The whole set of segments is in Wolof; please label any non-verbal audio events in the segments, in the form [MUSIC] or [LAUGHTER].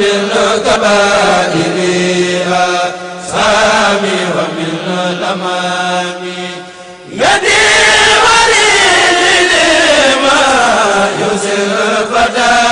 من كبائرها سامي ومن تمامي يدي ولي لما يسر فتاة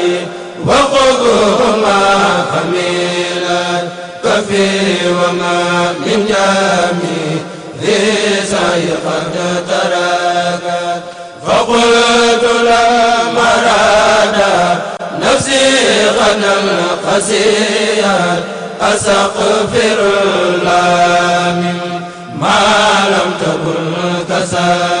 وما من جامي ذي سعي قد تراك فقلت لا مراد نفسي غنم قسيا أستغفر الله ما لم تكن كساد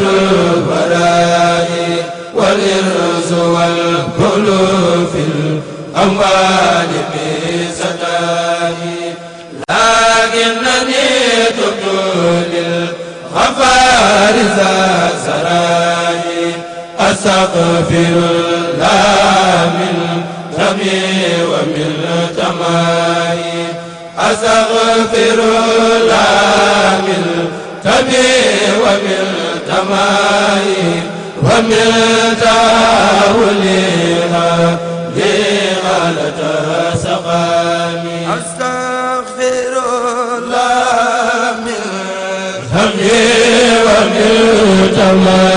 البراء والإرز والبل في الأموال بسدائي لكنني تبدو للغفار ذا سرائي أستغفر الله من ذمي ومن تمائي أستغفر الله من تبي ومن السماء ومن تاولها لغلتها سقامي أستغفر الله من همي ومن تمامي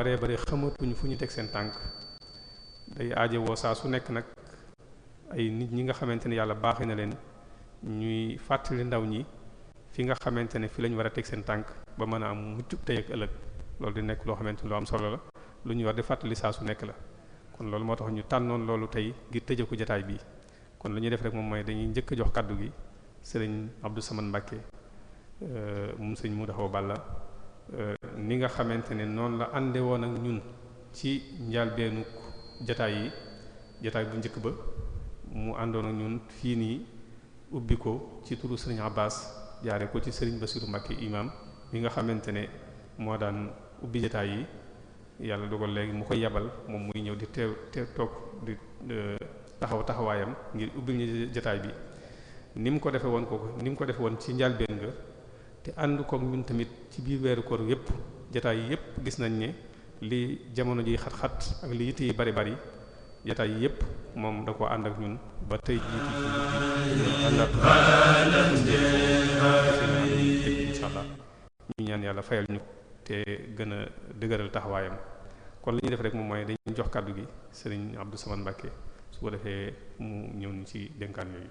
baree bare xamatuñu fu ñu teg seen tànk day aajowoo saa su nekk nag ay nit ñi nga xamante ne yàlla baaxee na leen ñuy fàttali ndaw ñi fi nga xamante ne fi lañ war a teg seen tànk ba mën a am mucc tey ak ëllëg loolu di nekk loo xamante ne lu am solo la lu ñu war di fàttali saa su nekk la kon loolu moo tax ñu tànnoon loolu tey ngir tëje ko jotaay bi kon lu ñuy def rek moom mooy dañuy njëkk a jox kàddu gi sëriñ Abdou Samane Mbacke euh, moom sëriñ Moudou Awa Balla Euh, ni nga xamante ne noonu la ànde woon ak ñun ci njàlbéenu jataay yi jataay bu njëkk ba mu àndoon ak ñun fii nii ubbi ko ci turu sëriñ Abbas jaare ko ci sëriñ Basiru Mbakke imaam mi nga xamante ne moo daan ubbi jataay yi yàlla dogal léegi mu ko yabal moom muy ñëw di teew teew toog di taxaw taxawaayam ngir ubbi ñu jataay bi ni mu ko defee woon ko ni mu ko defe woon ci njàlbéen nga te ànd kook ñun tamit ci biir weeru koor yépp jataay yépp gis nañ ne li jamono ji xat-xat ak li yitte yi bari bari jataay yépp moom da ko ànd ak ñun ba tey jiiti insha allah ñu ñaan yàlla fayal ñu te gën a dëgëral taxawaayam kon li ñuy def rek moom mooy dañuy jox kàddu gi sëriñ Abdou Samane Mbacké su ko defee mu ñëw ñu ci dénkaan yooyu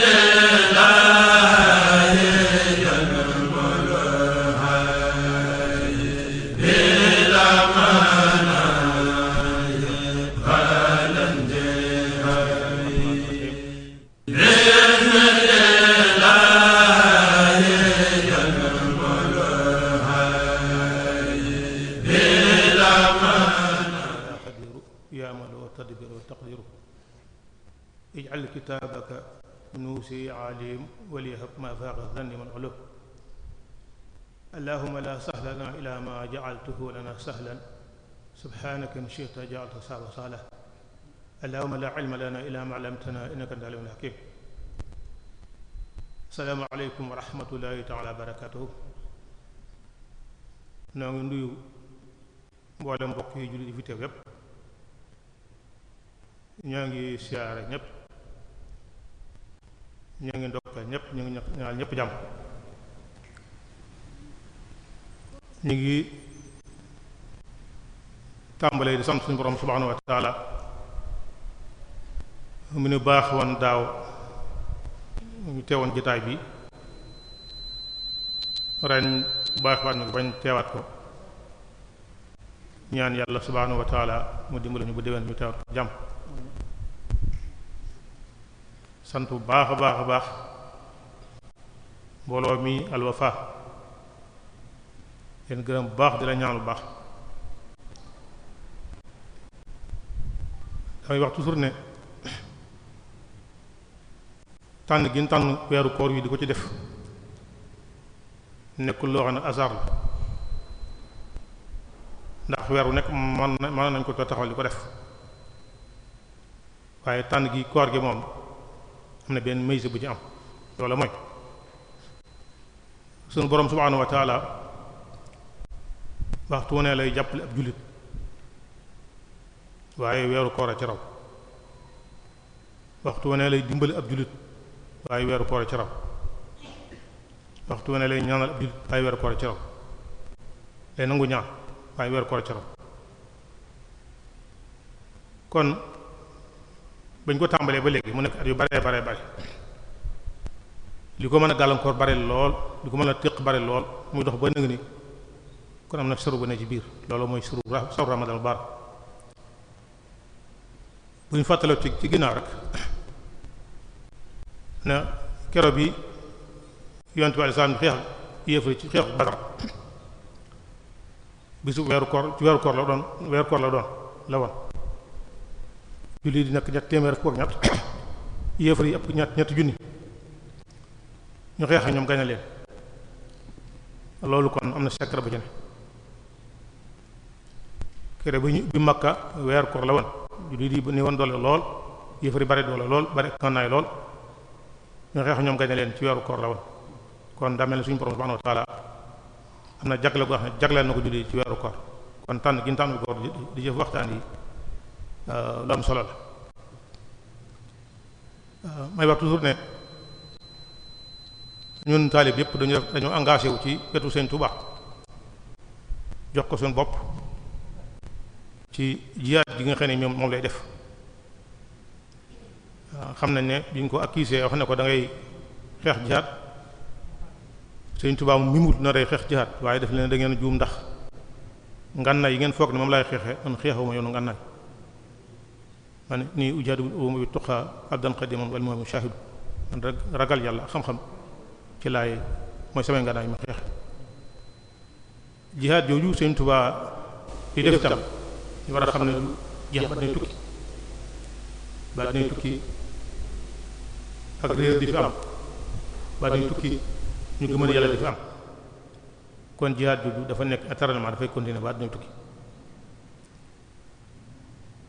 عنها فاق الذن من علو اللهم لا سهل لنا إلا ما جعلته لنا سهلا سبحانك إن شئت جعلت صعبا سهلا اللهم لا علم لنا إلا ما علمتنا إنك أنت العليم الحكيم salaamu aleykum wa rahmatullahi taala barakatuhu noo ngi nuyu mboolem mbokk yi jullit yi fi teew yépp ñoo ngi siyaare ñépp ñu ngi ndokkal ñëpp ñu ngi ñaanal ñëpp jàmm ñu ngi tàmbalee di sant suñu borom subhaanahu mu nu baax woon daaw ñu teewoon jotaay bi ren baax waat ñu bañ teewaat ko ñaan yàlla subhaanahu wa taala mu dimbali ñu bu déwén ñu teewaat ko jàmm sant bu baax a baax a baax mbooloo mi alwafa leen gërëm bu baax di la ñaan baax damay wax toujours ne tànn gi ñu tànn weeru koor wi di ko ci def nekkul loo xam ne hasard la ndax weer wu nekk mën na nañ ko taxawal di ko def waaye tànn gi koor gi moom am na benn maysa bu ci am loola mooy sunu borom subhaanahu wa taala waxtu wu lay jàppale ab jullit waaye weeru koor a ci raw waxtu wu lay dimbali ab jullit waaye weeru koor a ci waxtu wu ne lay ñaanal ab jullit waaye weeru koor a ci raw lay nangu ñaan waaye weeru koor a ci kon bañ ko tàmbalee ba léegi mu nekk at yu bare bare bare li ko mën a gàllankoor bare lool li ko mën a téq bare lool muy dox ba nëg ni kon bu ne ci biir loolu mooy suru sawru ramadan bar bu ñu fàttaloo ci ci ginnaaw rek na kero bi yonent bi alislaam xeex yéefari ci xeexu Badar bisu weeru koor ci weeru koor la doon weeru koor la doon la woon julli di nekk ñett téeméer ak ñett [COUGHS] yéefar yi ëpp ñett ñetti junni ñu xeex ñoom gañe leen loolu kon am na secret bu ci ne kere bi ñu bi makka weer koor la woon julli di ni woon doole lool yéefar yi bari doole lool bari kannaay lool ñu xeex ñoom gañe leen ci weeru koor la woon kon daa mel ne suñu borom subhanahu wa taala am na jagle goo xam ne jagleel na ko julli ci weeru koor kon tànn gi tànn koor di jëf waxtaan yi Euh, lu solo la euh, may wax toujours ne ñun taalib yëpp dañu def dañu engagé wu ci wetu Sëñ Tuubaa jox ko seen bopp ci jiyaat ji nga xam ne ñoom moom lay def euh, xam nañ ne bi ñu ko accusé wax ne ko da ngay xeex jihaad Sëñ Tuubaa mi mut na rey xeex jihaad waaye def leen da ngeen juum ndax ngannaay yi ngeen foog ne moom laay xeexe man xeexuma yoonu ngannaay man nii ujaadu uma bi tuqaa abdan qadiman wal mu'min ragal yàlla xam-xam ci laay mooy samay nganaay ma xeex jihaad jooju Sëriñ Tuubaa di def tam ñu war a xam ne jeex ba dinañ tukki ba dinañ tukki ak réer di fi am ba dinañ tukki ñu gëmal yàlla di fi am kon jihaad jooju dafa nekk éternellement dafay continuer ba dinañ tukki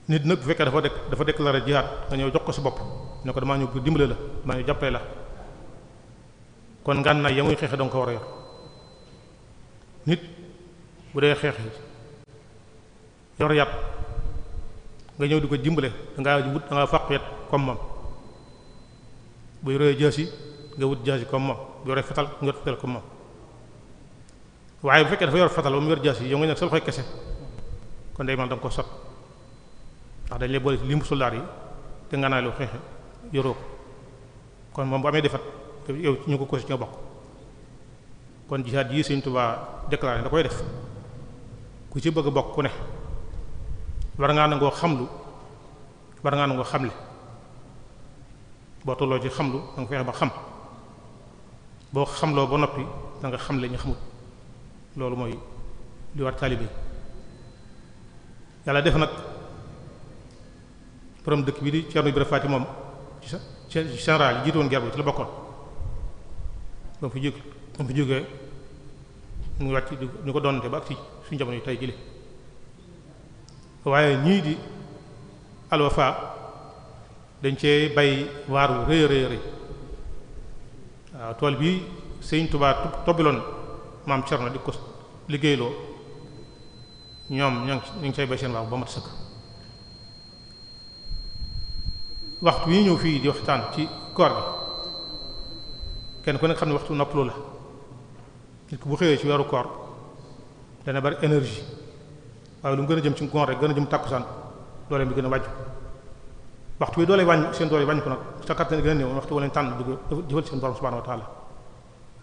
nit nag bu fekkee dafa dek dafa déclaré jihaad nga ñëw jox ko sa bopp ne ko damaa ñëw pour dimbale la maa ñu jàppale la kon ngànnaay ya muy xeexe danga ko war a yor nit bu dee xeex yor yàpp nga ñëw di ko dimbale dangaa wut dangaa fàq yet comme moom bu yoree jaasi nga wut jaasi comme moom bu yoree fetal nga wut fetal comme moom waaye bu fekkee dafa yor fetal ba mu yor jaasi yow nga nekk sa loxoy kese kon day man danga ko sot ndax dañ lay boole ci limbu soldaar yi te nga naa lu xeexe yoroo ko kon moom bu amee defat yow ñu ko cause ci nga bokk kon jihaad yi Sëriñ Tuubaa déclaré da koy def ku ci bëgg a bokk ku ne war xamlu war ngaa nangoo xamle boo tolloo ci xamlu da nga fexe ba xam boo xamloo ba noppi da nga xamle ñu xamut loolu mooy li war taalibe yàlla def nag borom dëkk bi di Thierno Ibrahima Faty moom ci sa général yi jiitu woon guerre bi ci la bokkoon ba mu fi jóg mu ngi jógee mu wàcc ñu ko doonante ba ak si suñu jamono yi tey jëlee waaye ñii di alwafa dañ cee bay waaru rëy rëy waaw tool bi Sëriñ Tuubaa tobbiloon maam Cerno di ko liggéeyloo ñoom ñoo ngi cay bay seen waaw ba mat sëkk waxtu wi ñëw fii di waxtaan ci koor gi kenn ku nekk xam ne waxtu noppalu la nit ku bu xëyee ci weeru koor dana bari énergie waaye lu mu gën a jëm ci ngoon rek gën a jëm tàkkusaan dooleem bi gën a wàjju waxtu wi doole wàññi seen doole wàññi ko nag sa kattan gën a néew waxtu wala tànn dugg jëfal seen borom subhanahu wa ta'ala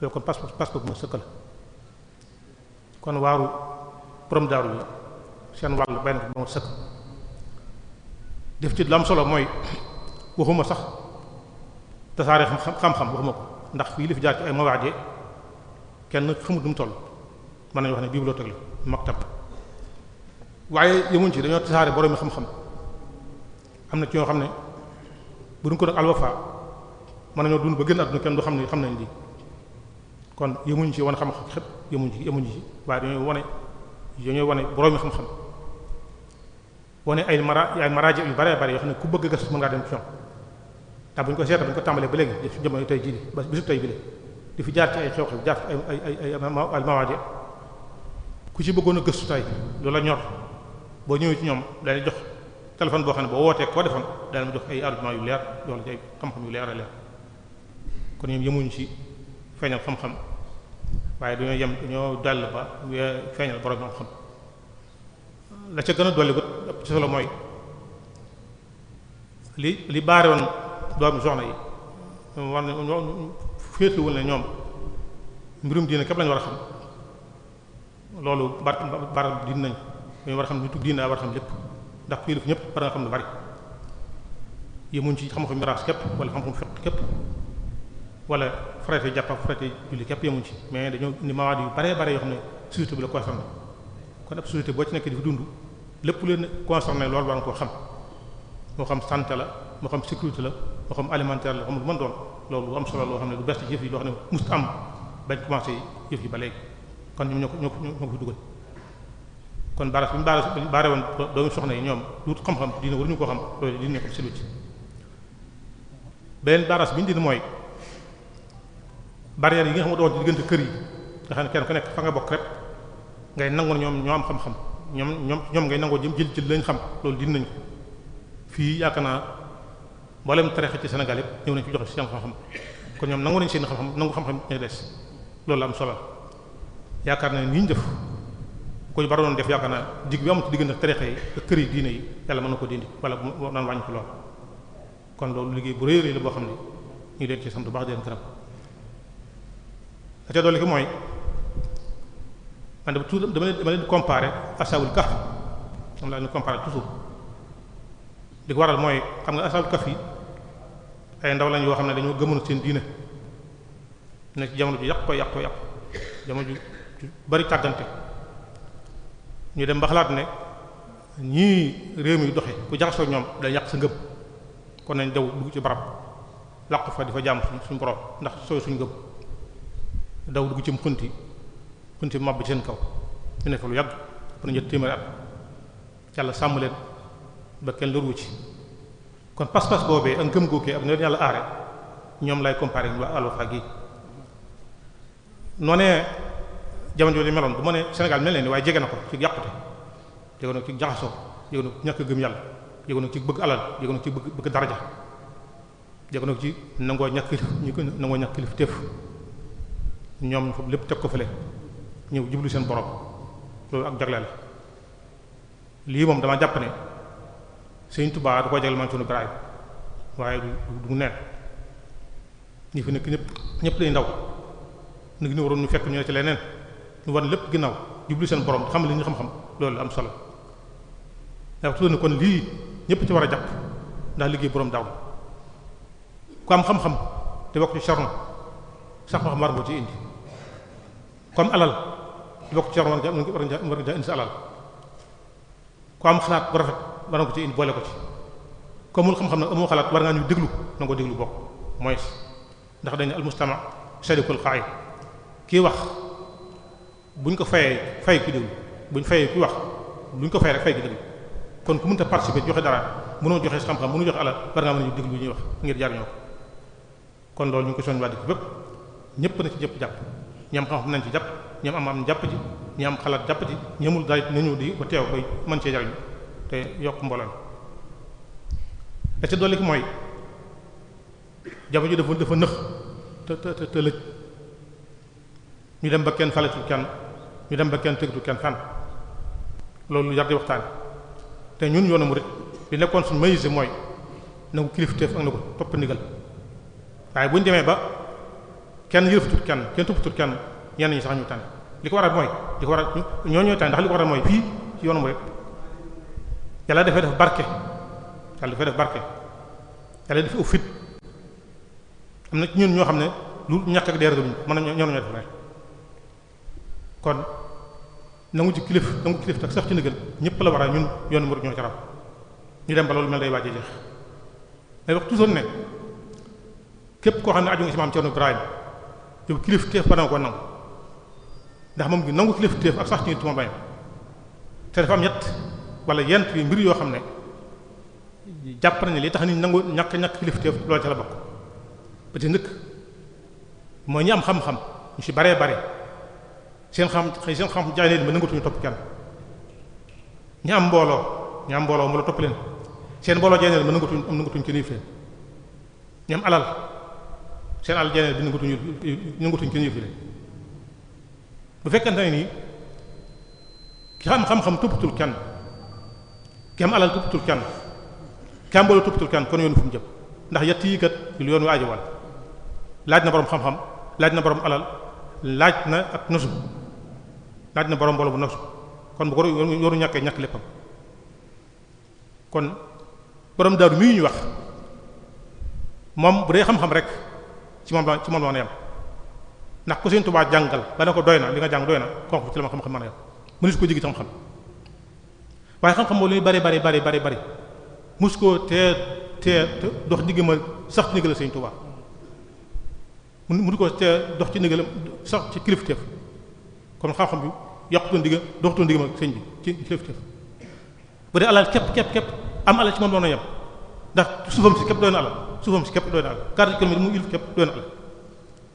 loolu kon passeport passeport bu ma sëkk la kon waaru borom daaru yi seen wàll benn bu ma sëkk def ci am solo mooy waxuma sax tasaare xam-xam waxuma ko ndax fii li fi jaar ci ay mawaade kenn xamut nu mu toll mën nañu wax ne bii bibliothèque la maktab waaye yemuñ ci dañoo tasaare borom mi xam-xam am na ci ñoo xam ne bu ko nag alwafa mën nañoo dund ba gën àdduna kenn du xam ne xam nañ lii kon yemuñ ci wane xam-xam xëpp yemuñ ci yemuñ ci waaye dañoo wane dañoo wane borom mi xam-xam wane ay mara ay maraje yu bare bare yoo xam ne ku bëgg gas mën ngaa dem ci ñoom te bu ñu ko seeta bu ñu ko tàmbalee ba léegi def jamono tey jii ba bisu tey bi la di fi jaar ci ay xew-xew jaar ci ay ay ay ay mawaade ku ci bëggoon a gëstu tey la ñor boo ñëwee ci ñoom day jox téléphone boo xam ne boo wootee koo defoon dañu la jox ay argument yu leer jox la ci ay xam-xam yu leer a leer kon ñoom yemuñu ci feeñal xam-xam waaye dañoo yem ñoo dal ba feeñal borom xam-xam la ca gën a dolli ko ci solo mooy li li baarewoon doomi na yi war na féetluwul ne ñoom mbirum diine képp lañu war a xam loolu bar bar din nañ dañu war a xam lu tug diine war a xam lépp ndax ku yëlif ñëpp war nga xam lu bari yemuñ ci xam-xam képp wala xam-xam fiq képp wala farate jàpp ak farate julli ci mais dañoo indi mawaad yu bare bare yoo xam ne société bi la concerné kon ab société boo ci nekk dafa dund lépp leen concerné loolu war nga koo xam moo xam sante la moo xam sécurité la loo xam alimentaire la xamul mën doon loolu lu am solo loo xam ne lu bees ci jëf yi loo xam ne must am bañ commencé jëf yi ba léegi kon ñoom ñoo ko ñoo ko ñoo kon baras bi mu baras woon doomu soxna yi ñoom luut xam-xam dina waruñu koo xam loolu dina nekk ci lu ci beneen baras bi ñu dindi mooy barrières yi nga xam ne doon kër yi nga xam ne kenn ku nekk fa bokk rek ngay nangoon ñoom ñoo ñoom ñoom ñoom ngay nangoo jëm jël ci lañ xam loolu dindi nañ fii yaakaar naa mboolem tarixa ci Sénégal yëpp ñëw nañ fi joxe seen xam-xam kon ñoom nangu nañ seen xam-xam nangu xam-xam ñooy des loolu am solo yaakaar na ni ñu def ko bari doon def yaakaar naa jig bi am ci diggante tarixa yi ak kër yi diine yi yàlla mën na ko dindi wala mu naan wàññi ko lool kon loolu liggéey bu rëy rëy la boo xam ne ñu leen ci sant bu baax di leen gërëm la ca dolli ki mooy man dama toujours dama leen dama leen comparé asawul laa leen comparé toujours li ko waral mooy xam nga asal kaf yi ay ndaw lañ yoo xam ne dañoo gëmoon seen diine nekk jamono ju yàq ko yàq ko yàq jamono ju bari tàggante ñu dem ba xalaat ne ñii réew mi doxe ku jaxasoo ñoom dañ yàq sa ngëm kon nañ daw dugg ci barab làqu fa di fa jàmm suñ borom ndax sooy suñ ngëm daw dugg ci xunti xunti mab bi seen kaw ñu ne fa lu yàgg pour ñu téeméeri at yàlla sàmm leen ba kenn loru ci kon pas-pas boobee ak ngëm gookee ak na leen yàlla aare ñoom lay comparé waa Al-Wafa gi noo ne jamono jooju meloon bu ma ne Sénégal mel ne ni waaye jege na ko ci yàqute jege ko ci jaxasoo jege na ko ci ñàkk gëm yàlla jege na ko ci bëgg alal jege ko ci bëgg bëgg daraja jege ko ci nangoo ñàkk ñu ko nangoo ñàkk kilif teef ñoom lépp teg ko fële ñëw jublu seen borom loolu ak jagleel lii moom dama jàpp Sëriñ Tuubaa du ko jagal maam Cerno Ibrahima waaye du du nen ñi fi nekk ñëpp ñëpp lay ndaw nag ñu waroon ñu fekk ñu ci leneen ñu war lépp ginnaaw jublu seen borom xam li xam-xam loolu am solo ndax su ne lii ñëpp ci war a jàpp ndax liggéey borom daaw ku am xam-xam te bokk ci charno sax xam war nga ci indi ku am alal te bokk ci charno war nga alal ku am xalaat bu rafet war na ko ci indi boole ko ci comme mun xam-xam amoo xalaat war ngaa déglu na ko déglu bokk mooy ndax dañ almustama sharikul qa'id wax buñ ko fayee fay ku déglu buñ fayee ku wax luñ ko fay rek fay ku déglu kon ku mënta joxe dara mënoo joxe xam-xam mënoo joxe alal war ngaa mën ñu wax ngir jaar kon loolu ñu ko soñ waa bépp ñëpp na ci jëpp jàpp ñi am nañ ci jàpp ñi am am jàpp ci ñi am xalaat jàpp ci ñi amul daal nañu di ko teew bay mën cee jariñu te yokk mbooloo da ca dolli mooy jamono ji dafa dafa nëx te te te lëj ñu dem ba kenn faletu kenn ñu dem ba kenn tëgatu kenn fan loolu yar di waxtaan te ñun yoonu murid li nekkoon suñu mayise mooy nangu kilifteef ak na ko topp ndigal waaye bu ñu demee ba kenn yëlfatut kenn kenn toppatut kenn ñenn ñi sax ñu tànn li ko waral mooy li ko waral ñoo ñooy tànn ndax li ko waral mooy fii ci yoonu murid yàlla dafay def barke yàlla dafay def barke yàlla dafay ëff am na ñun ñoo xam ne lu ñàkk ak deer duñu mën na ñoo def rek kon nangu ci kilif nangu kilif tak sax ci ndigal ñëpp la war a ñun yoonu murid ñoo ci raw ñu dem ba loolu mel day waaj a jeex day wax toujours ne képp koo xam ne aju nga ci maam Cerno Ibrahima yow kilif teef ba na ko nangu ndax moom gi nangu kilif teef ak sax ci nit ma te dafa am ñett wala yent yu mbir yoo xam ne jàpp nañu li tax ni nangu ñàkk ñàkk kilifteef loolu ca la bokk ba ci mooy ñi am ñu ci baree bare seen xam xëy seen xam jaay leen ma nangatuñu topp kenn ñi am mbooloo ñi am mbooloo mu la topp leen seen mbooloo jaay leen ma nangatuñu am nangatuñu ci niif leen ñi am alal seen alal jaay leen bi nangatuñu nangatuñu ci bu fekkante ne nii ki xam xam-xam toppatul kenn ki am alal tuppatul kenn ki am boole tuppatul kenn kon yoonu fu mu ndax yett yi kat lu yoon wi laaj na borom xam-xam laaj na borom alal laaj na ak nosu laaj na borom mbooloo bu nosu kon bu ko yoonu ñàkkee ñàkk léppam kon borom daaru mii ñu wax moom bu dee xam-xam rek ci moom la ci a yem ndax ku Sëriñ Tuubaa jàngal ba ne ko doy na li nga jàng doy na kooku ci la ma xam-xam mën a yem mënees ko jigi ci xam-xam waaye xam-xam moo luy bari bari bari bari bari mus koo tee tee dox digg ma sax ci ndigal Sëriñ ko tee dox ci ndigal sax ci kilifteef kon xam-xam bi yàqutoon digg doxutoon digg ma sëñ bi ci kilifteef bu dee alal képp képp am alal ci moom doon na yem ndax suufam si képp doy na alal suufam si képp doy na alal carte kilomètre mu ilif képp doy na alal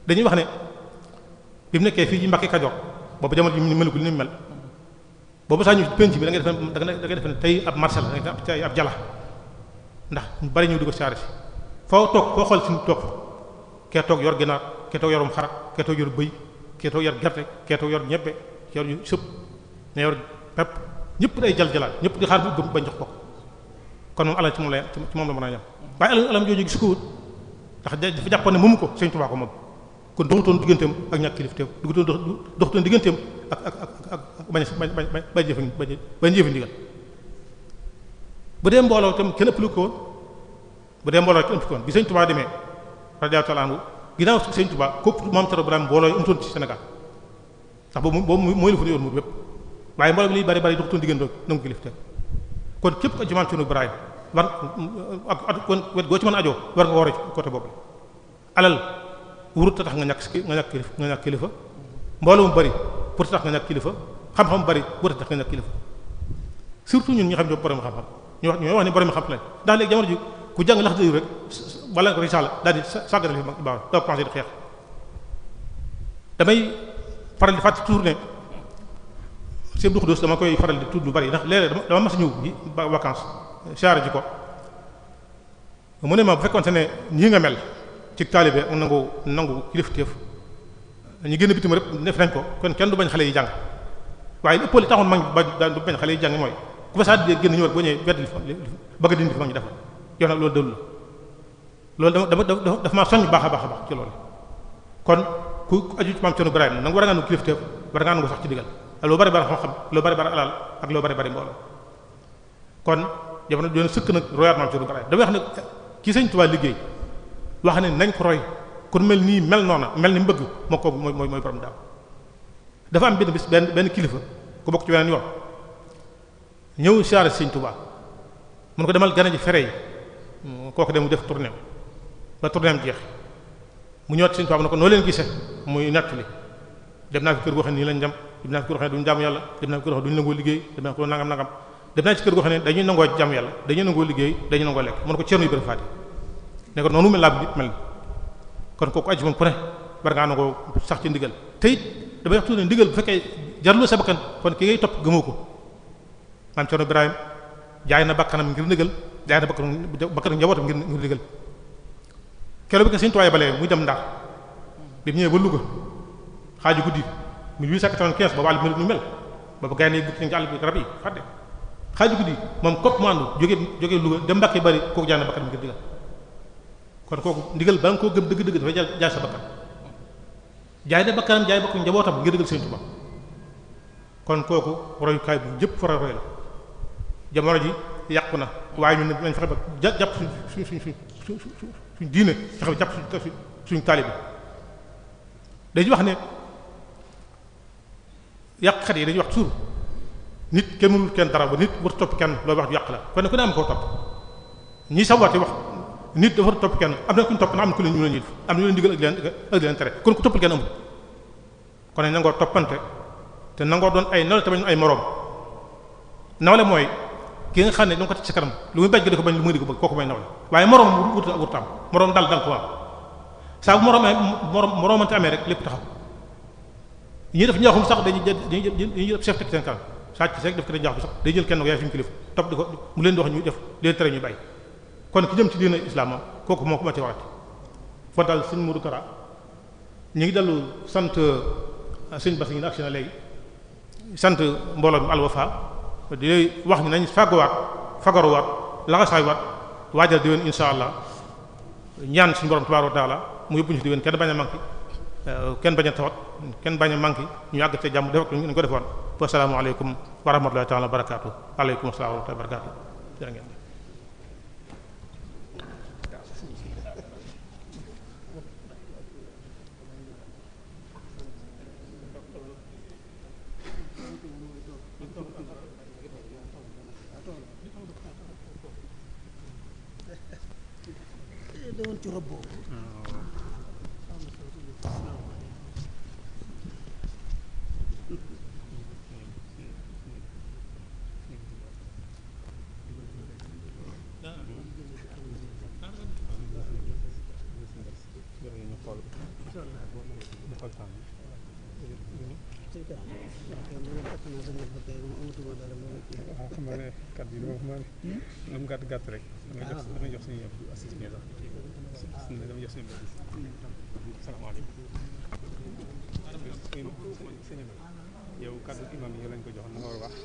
dañuy wax ne bi mu nekkee fii ci Mbàkke Kajoor boobu jamono ji mu melu mel boobu sax ñu penc bi da ngay def da ngay def ne tey ab marché la da ngay ab jala ndax ñu bari ñu di ko chargé foo toog xool suñu toog kee toog yor ginaar kee toog xar kee yor bëy kee toog yor gerte yor ñebbe yor ñu sëb pepp ñëpp day jal jalaat ñëpp di xaar bañ jox ko kon moom alal ci moom la ci moom la mën a yem waaye alal alam jooju gis ko wut ndax dafa jàppoon ne mu ko Sëriñ Tuubaa ko moom kon doxutoon digganteem ak ñàkk kilifteem doxutoon digganteem ak ak ak ak bañ bañ bañ bañ jëfe bañ jëfe ndigal bu dee mbooloo tam kenn ëpp lu ko woon bu dee mbooloo kenn ëpp ko woon bi sëñ Touba demee radiyallahu ta'ala anhu ginnaaw sëñ Touba kopp maam Cerno Ibrahima mbooloo yi amutoon ci Sénégal ndax boobu boobu mooy lu fa yoon mu bépp waaye mbooloo bi liy ci maam ajoo war nga war ci côté boobu alal wurut tax nga ñàkk kilifa mbooloo mu bari pour tax nga ñàkk kilifa xam-xam bari war a tax nga nekk kilifa surtout ñun ñu xam ne borom xam-xam ñu wax ñu wax ne borom xam lañ ndax léegi jamono ji ku jàng lax dëgg rek wala ko risaala daal di sàggatal fi mag baax doo commencé di xeex damay faral di fàttali toujours ne Sëñ Abdou Khoudoss dama koy faral di tudd lu bari ndax léeg dama mas a ñëw bi vacances charré ji ko mu ne ma bu fekkoonte ne ñii nga mel ci taalibe nangu nangu kilifteef ñu génn bitim rek def nañ ko kon kenn du bañ xale yi jàng waaye li ëppale taxoon mag ba daan du bañ xale yi jàng mooy ku fa saa di génn ñëwal boo ñëwee wedd li fa bëgg dindi fi mag ñi defal yow nag loolu dëllu loolu dama dama dafa maa soññ baax a baax a baax ci loolu kon ku aju ci maam Cerno Ibrahima nag war a ngaa nu kilifteef war a ngaa nu sax ci digal ak loo bari bari xam-xam loo bari bari alal ak loo bari bari mbooloo kon jamono doon sëkk nag royaat maam Cerno Ibrahima dama wax ne ki Sëriñ Tuubaa liggéey wax ne nañ ko roy kon mel nii mel noona mel ni mbëgg moo ko mooy mooy borom daaw dafa am benn bis benn benn kilifa ku bokk ci weneen yoon ñëw siyaare Sëriñ tubaab mun ko demal gane ji fere yi mm, kooku dem mu def tournéem ba tournéem jeex mu ñëwaat Sëriñ Tuubaa mu ne ko noo leen gisee muy nettali dem naa fi kër goo xam ne nii lañ jam dem naa fi kër goo xam ne duñu jaamu yàlla dem naa fi kër goo xam ne duñu nangoo liggéey dem naa fi kër nangam nangam dem naa ci kër goo xam ne dañuy nangoo jam yàlla dañuy nangoo liggéey dañuy nangoo lekk mun ko ceerno yu bëri faati ne ko noonu mel laab kon kooku aju moom ku sax ci ndigal damay wax tuuti ne ndigal bu fekkee jarlu sa bakkan kon ki ngay topp gëmoo ko maam Cerno Ibrahim jaay na bakkanam ngir ndigal jaay na bakkanam bakkanam njabootam ngir ngir ndigal keroog bi ko Sëriñ Tuubaa balee muy dem Ndar bi mu ba Louga xaaju guddi 1895 boobu àll bi mu mel boobu gars yi moom kopp mu àndu jógee jógee Louga dem Mbàkke bari kooku jaay ngir ndigal kon kooku ndigal ba nga koo gëm dëgg-dëgg dafay jaay sa bakkan jaay na bakkanam jaay bakku njabootam ngir dëggal Sëriñ Tuubaa kon kooku royukaay bu jëpp fara roy la jamono ji yàqu na waaye ñun nañ fexe ba jàpp suñ suñ suñ suñ suñ diine fexe jàpp suñ suñ taalibe dañuy wax ne yàqkat yi dañuy wax toujours nit kenn mënul kenn dara ba nit war topp kenn loolu wax du yàq la kon ku ne am koo topp ñi sabote wax nit dafa topp kenn am na ku ñu topp na am na ku leen ñu am na ñu leen digal ak leen ak topp kenn toppante te nangoo doon ay nawle tamit ay moroom nawle mooy ki nga xam ne dama ko ci kanam lu muy bañ ko di ko bañ lu muy di waaye moroom wut wut am moroom dal dal ko waaw saa bu moroom moroomante amee rek lépp taxaw ñii def ñaaxum sax dañuy jël dañuy jël dañuy jël chef teg seen kanam jël kenn ko yaay suñu kilifa topp di ko mu leen di wax ñu def leen tere ñu bàyyi kon ki jëm ci diina islam kooku moo ko ma ci waxati fa dal sëñ Modou Kara ñu ngi dellu sant euh, sëñ Bass yi na ak na sant mbooloo mi Al di wax ni nañ fàgguwaat fagaruwaat laxasaaywaat waajal di ween insha allah ñaan suñu borom tabaaraka taala mu yóbbu ñu si di kenn bañ a manqué euh, kenn bañ a tawat kenn bañ a manqué ñu àgg te jàmm def ak ñu ko defoon wa salaamu aleykum wa rahmatullahi barakaatu aleykum salaam wa rahmatullahi wa barakaatu doon ci rëbboo am gàtt gàtt rek. waaw hmm? dama jox dama jox suñu yëpp assise bi sax. yow kaddu lañ ko joxoon na nga war a wax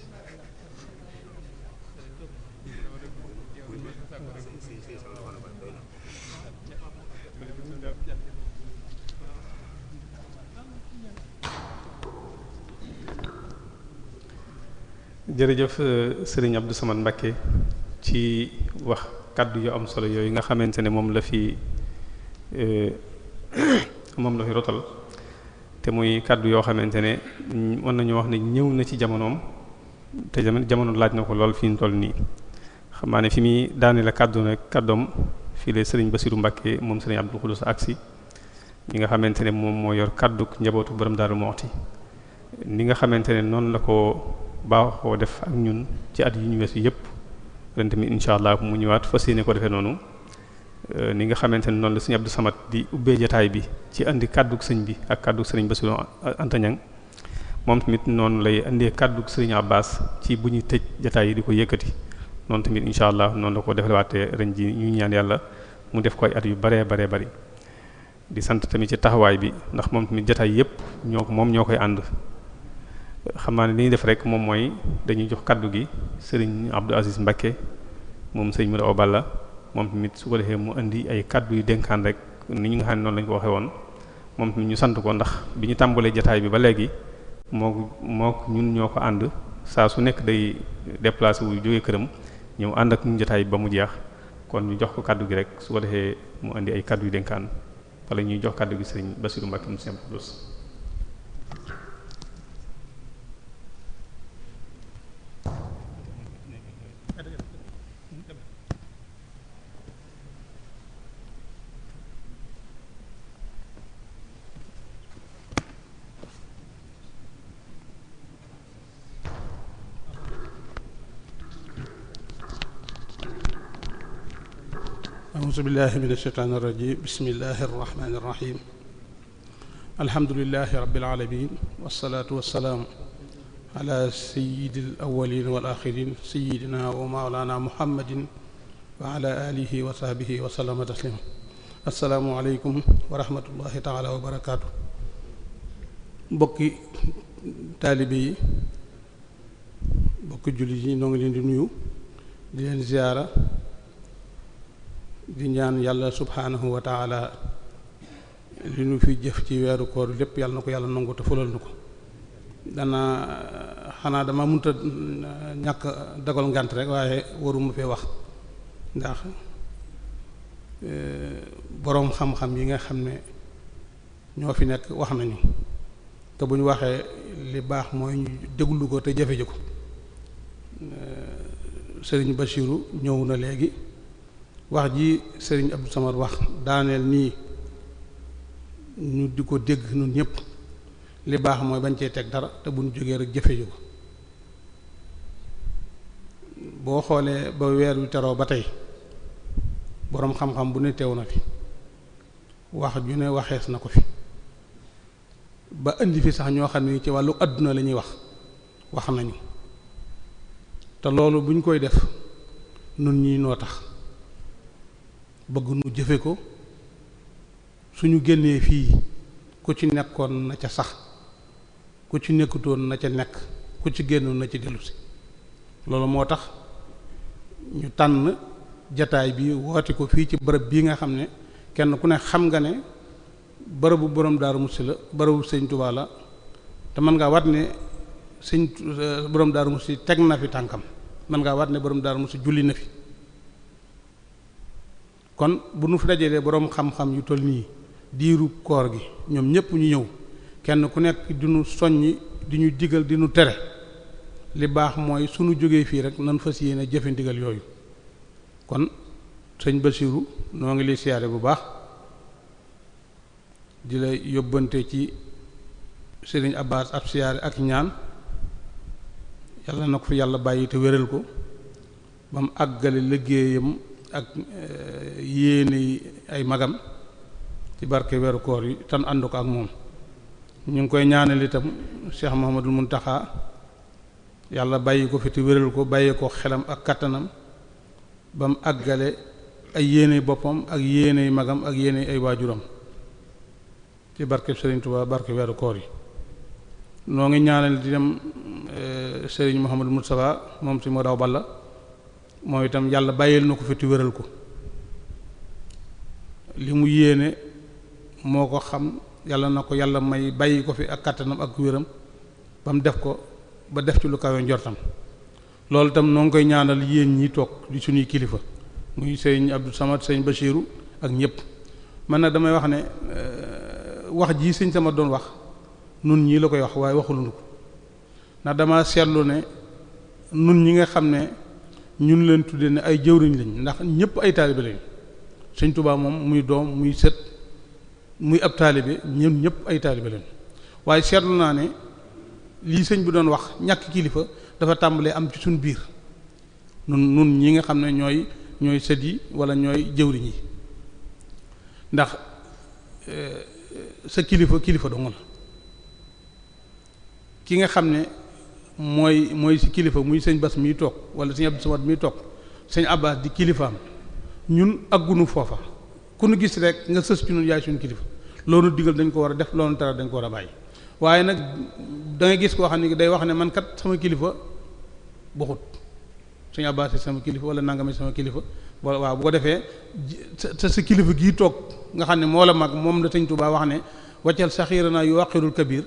jërëjëf euh, sëriñ Abdou Samad Mbacké ci wax kàddu yu am solo yooyu nga xamante ne moom la fi Euh, [COUGHS] moom la fi rotal te muy kàddu yoo xamante ne mën nañu wax ne ñëw na ci jamonoom te jamono laaj na ko lool fii ñu toll nii xam naa ne fi muy daane la kàddu nag kàddoom fii la sëriñ Basiru Mbàkke moom sëriñ Abdou sa aksi ñi nga xamante ne moom moo yor kàddu njabootu borom moo Muxti ni nga xamante ne noonu la ko baaxoo def ak ñun ci at yu ñu weesu yëpp ren incha allah mu ñëwaat fas yéene ko defee noonu Euh, ni nga xamante ne noonu la sëñ Abdou Samad di ubbee jataay bi ci indi kàddug sëñ bi ak kàddug sëriñ Bassirou Anta Niang moom tamit noonu lay indee kàddug sëriñ Abbas ci bu ñuy tëj jataay yi di ko yëkkati noonu tamit incha allah noonu la ko defewaatee ren ji ñu ñaan yàlla mu def ko ay at yu baree baree bari di sant tamit ci taxawaay bi ndax moom tamit jotaay yépp ñoo moom ñoo koy ànd xam naa ne li def rek moom mooy dañuy jox kàddu gi sëriñ Abdou Aziz Mbacké moom sëriñ Moura moom tamit su ko defee mu indi ay kaddu yu dénkaan rek ni ñu nga xam ne noonu lañ ko waxee woon moom tamit ñu sant ko ndax bi ñu tàmbalee jataay bi ba léegi moo moo ñun ñoo ko ànd saa su nekk day déplacé wu jógee këram ñëw ànd ak ñun jataay bi ba mu jeex kon ñu jox ko kàddu gi rek su ko defee mu indi ay kaddu yu dénkaan wala ñuy jox kaddu gi sëriñ Bassirou Mbacké mu Sëriñ أعوذ بالله من الشيطان الرجيم بسم الله الرحمن الرحيم الحمد لله رب العالمين والصلاة والسلام على سيد الأولين والآخرين سيدنا ومولانا محمد وعلى آله وصحبه وسلم تسليما السلام عليكم ورحمة الله تعالى وبركاته mbokki taalibe yi mbokki jullit yi ñoo ngi leen di nuyu di leen ziyaara di ñaan yàlla subhaanahu wa lu li ñu fi jëf ci weeru koor lépp yàlla na ko yàlla nangu te fulal nu ko dana xanaa dama munta ñàkk dagal ngànt rek waaye waruma fee wax ndax e, boroom xam-xam yi nga xam ne ñoo fi nekk wax nañu te bu ñu waxee li baax mooy ñu déglu ko te jafe ji ko e, sëriñ Bachiru ñëw na léegi wax ji sëriñ Abdou Samad wax daaneel nii ñu di ko dégg ñun ñëpp li baax mooy bañ cee teg dara te bu ñu jógee rek jëfe ju ko boo xoolee ba weer wi teroo ba tey boroom xam-xam bu ne teew na fi wax ju ne waxees na ko fi ba indi fi sax ñoo xam ne ci wàllu àdduna la ñuy wax wax nañu te loolu bu ñu koy def nun ñi noo tax bëgg nu jëfe ko suñu génnee fii ku ci nekkoon na ca sax ku ci nekkutoon na ca nekk ku ci génnoon na ci dellusi loolu moo tax ñu tànn jataay bi woote ko fii ci bërëb bii nga xam ne kenn ku ne xam nga ne bërëbu borom daaru musi la bërëbu sëñ Tuubaa te mën ngaa wat ne sëñ eh, borom daaru si teg na fi tànkam mën ngaa wat ne borom daaru musi julli na fi kon bu nu fi dajalee boroom xam-xam yu toll nii diiru koor gi ñoom ñépp ñu ñëw kenn ku nekk di nu soññ di ñu digal di nu tere li baax mooy sunu jógee fii rek nan fas yéene jëfe ndigal yooyu kon sëñ Basiru noo ngi lay siyaare bu baax di la yóbbante ci sëriñ Abbas ab siyaare ak ñaan yàlla na ko fi yàlla bàyyi te wéral ko ba mu àggale liggéeyam ak eh, yéene ay magam ci barke weeru koor yi tan ànd ko ak moom ñu ngi koy ñaanal itam Cheikh mun Muntaxa yàlla bàyyi ko fi te wéral ko bàyyi ko xelam ak kattanam bam mu àggale ay yéene boppam ak yéene ay magam ak yéene ay waajuram ci barke Serigne Touba barke weeru koor yi noo ngi ñaanal di dem eh, Serigne Mouhamadul Moustapha moom si moo daw balla mooy tam yàlla bàyyil na ko fi te wéral ko li mu yéene moo ko xam yàlla na ko yàlla may bàyyi ko fi ak kàttanam ak wéram ba mu def ko ba def ci lu kawe njortam loolu tam noo ngi koy ñaanal yéen ñi toog di suñuy kilifa muy sëñ Abdou Samad sëñ Bachiru ak ñëpp mën na damay wax ne euh, wax ji sëñ sama doon wax nun ñii la koy wax waaye waxulunu ko ndax dama seetlu ne nun ñi nga xam ne ñun leen tuddee ne ay jëwriñ lañ ndax ñëpp ay taalibe lañ sëñ Tuubaa moom muy doom muy sët muy ab taalibe ñun ñëpp ay taalibe lañ waaye seetlu naa ne lii sëñ bi doon wax ñàkk kilifa dafa tàmbalee am ci suñ biir nun nun ñi nga xam ne ñooy ñooy sët yi walla ñooy jëwriñ yi ndax eh, sa kilifa kilifa dong la ki nga xam ne mooy mooy si kilifa muy sëñ Bas miy toog wala si Abdou Samad miy toog sëñ Abbas di kilifaam ñun gunu foofa ku nu gis rek nga sës ci yaay suñu kilifa loolu digal dañ ko war a def loolu tara dañ ko war a bàyyi waaye nag da gis koo xam ne day wax ne man sama kilifa boxut sëñ Abbas sama kilifa wala nangami sama kilifa wala waaw bu ko defee sa sa kilifa gii toog nga xam ne moo la mag moom la sëñ baa wax ne waccal saxiira naa yu waqirul kabir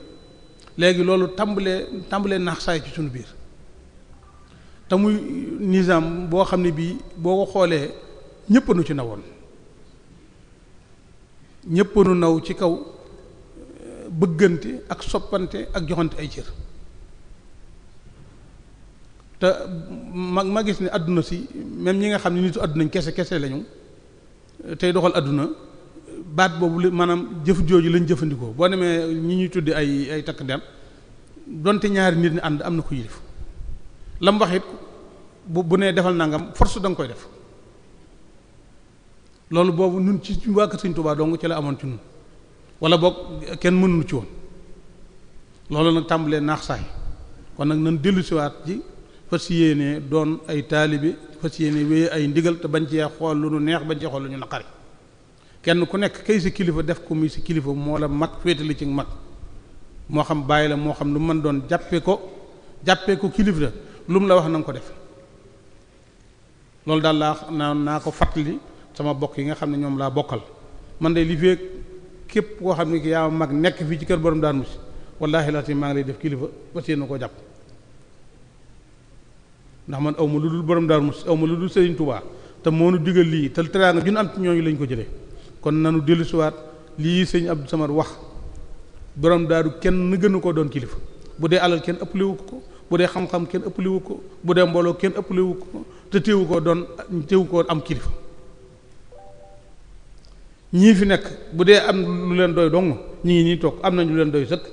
léegi loolu tàmbalee tàmbalee naax saay ci sunu biir te muy nizaam boo xam ne bii boo ko xoolee ñëpp ci nawoon ñëpp nu naw ci kaw eh, bëggante ak soppante ak joxante ay cër te mag ma gis ne àdduna si même ñi nga xam ne nitu àddunañ kese kese lañu eh, tey doxal àdduna baat boobu maanaam jëf jooju lañ jëfandikoo boo demee ñi ñuy tuddi ay ay takk dem donte ñaari nit ñi ànd am na ko yilif la mu wax bu bu defal nangam force da koy def loolu boobu ñun ci waa Kër Sëriñ Tuubaa dong ci la amoon ci ñun wala boog kenn mënul ci woon loolu nag tàmbalee naax saay kon nag nan dellu siwaat ji fas yéenee doon ay taalibi fas yéenee wéye ay ndigal te bañ cee xool lu nu neex bañ cee xool lu ñu naqari kenn ku nekk kay sa kilifa def ko muy sa kilifa moo la mag féetali ci mag moo xam bàyyi la moo xam lu man doon jàppee ko jàppee ko la wax na ko def loolu daal laa naa naa ko fàttali sama bokk yi nga xam ne ñoom laa bokkal man de li koo xam ne ki yaa mag nekk fii ci kër borom daan musi wallaahi la maa ngi lay def kilifa ba na koo jàpp ndax man aw ma lu dul borom daan musi aw ma lu dul Serigne Touba te moo nu digal lii te teraanga jun am ci ñooñu lañ ko jëlee kon nanu dellusiwaat lii sëñ ab Samad wax borom daadu kenn gënu ko doon kilifa bu dee alal kenn ëppalewu ko bu dee xam-xam kenn ëppalewu ko bu dee mbooloo kenn ëppalewu ko te teewu koo doon teewu koo am kilifa ñii fi nekk bu dee am lu leen doy dong ñi ngi ñuy toog am nañ lu leen doy sëkk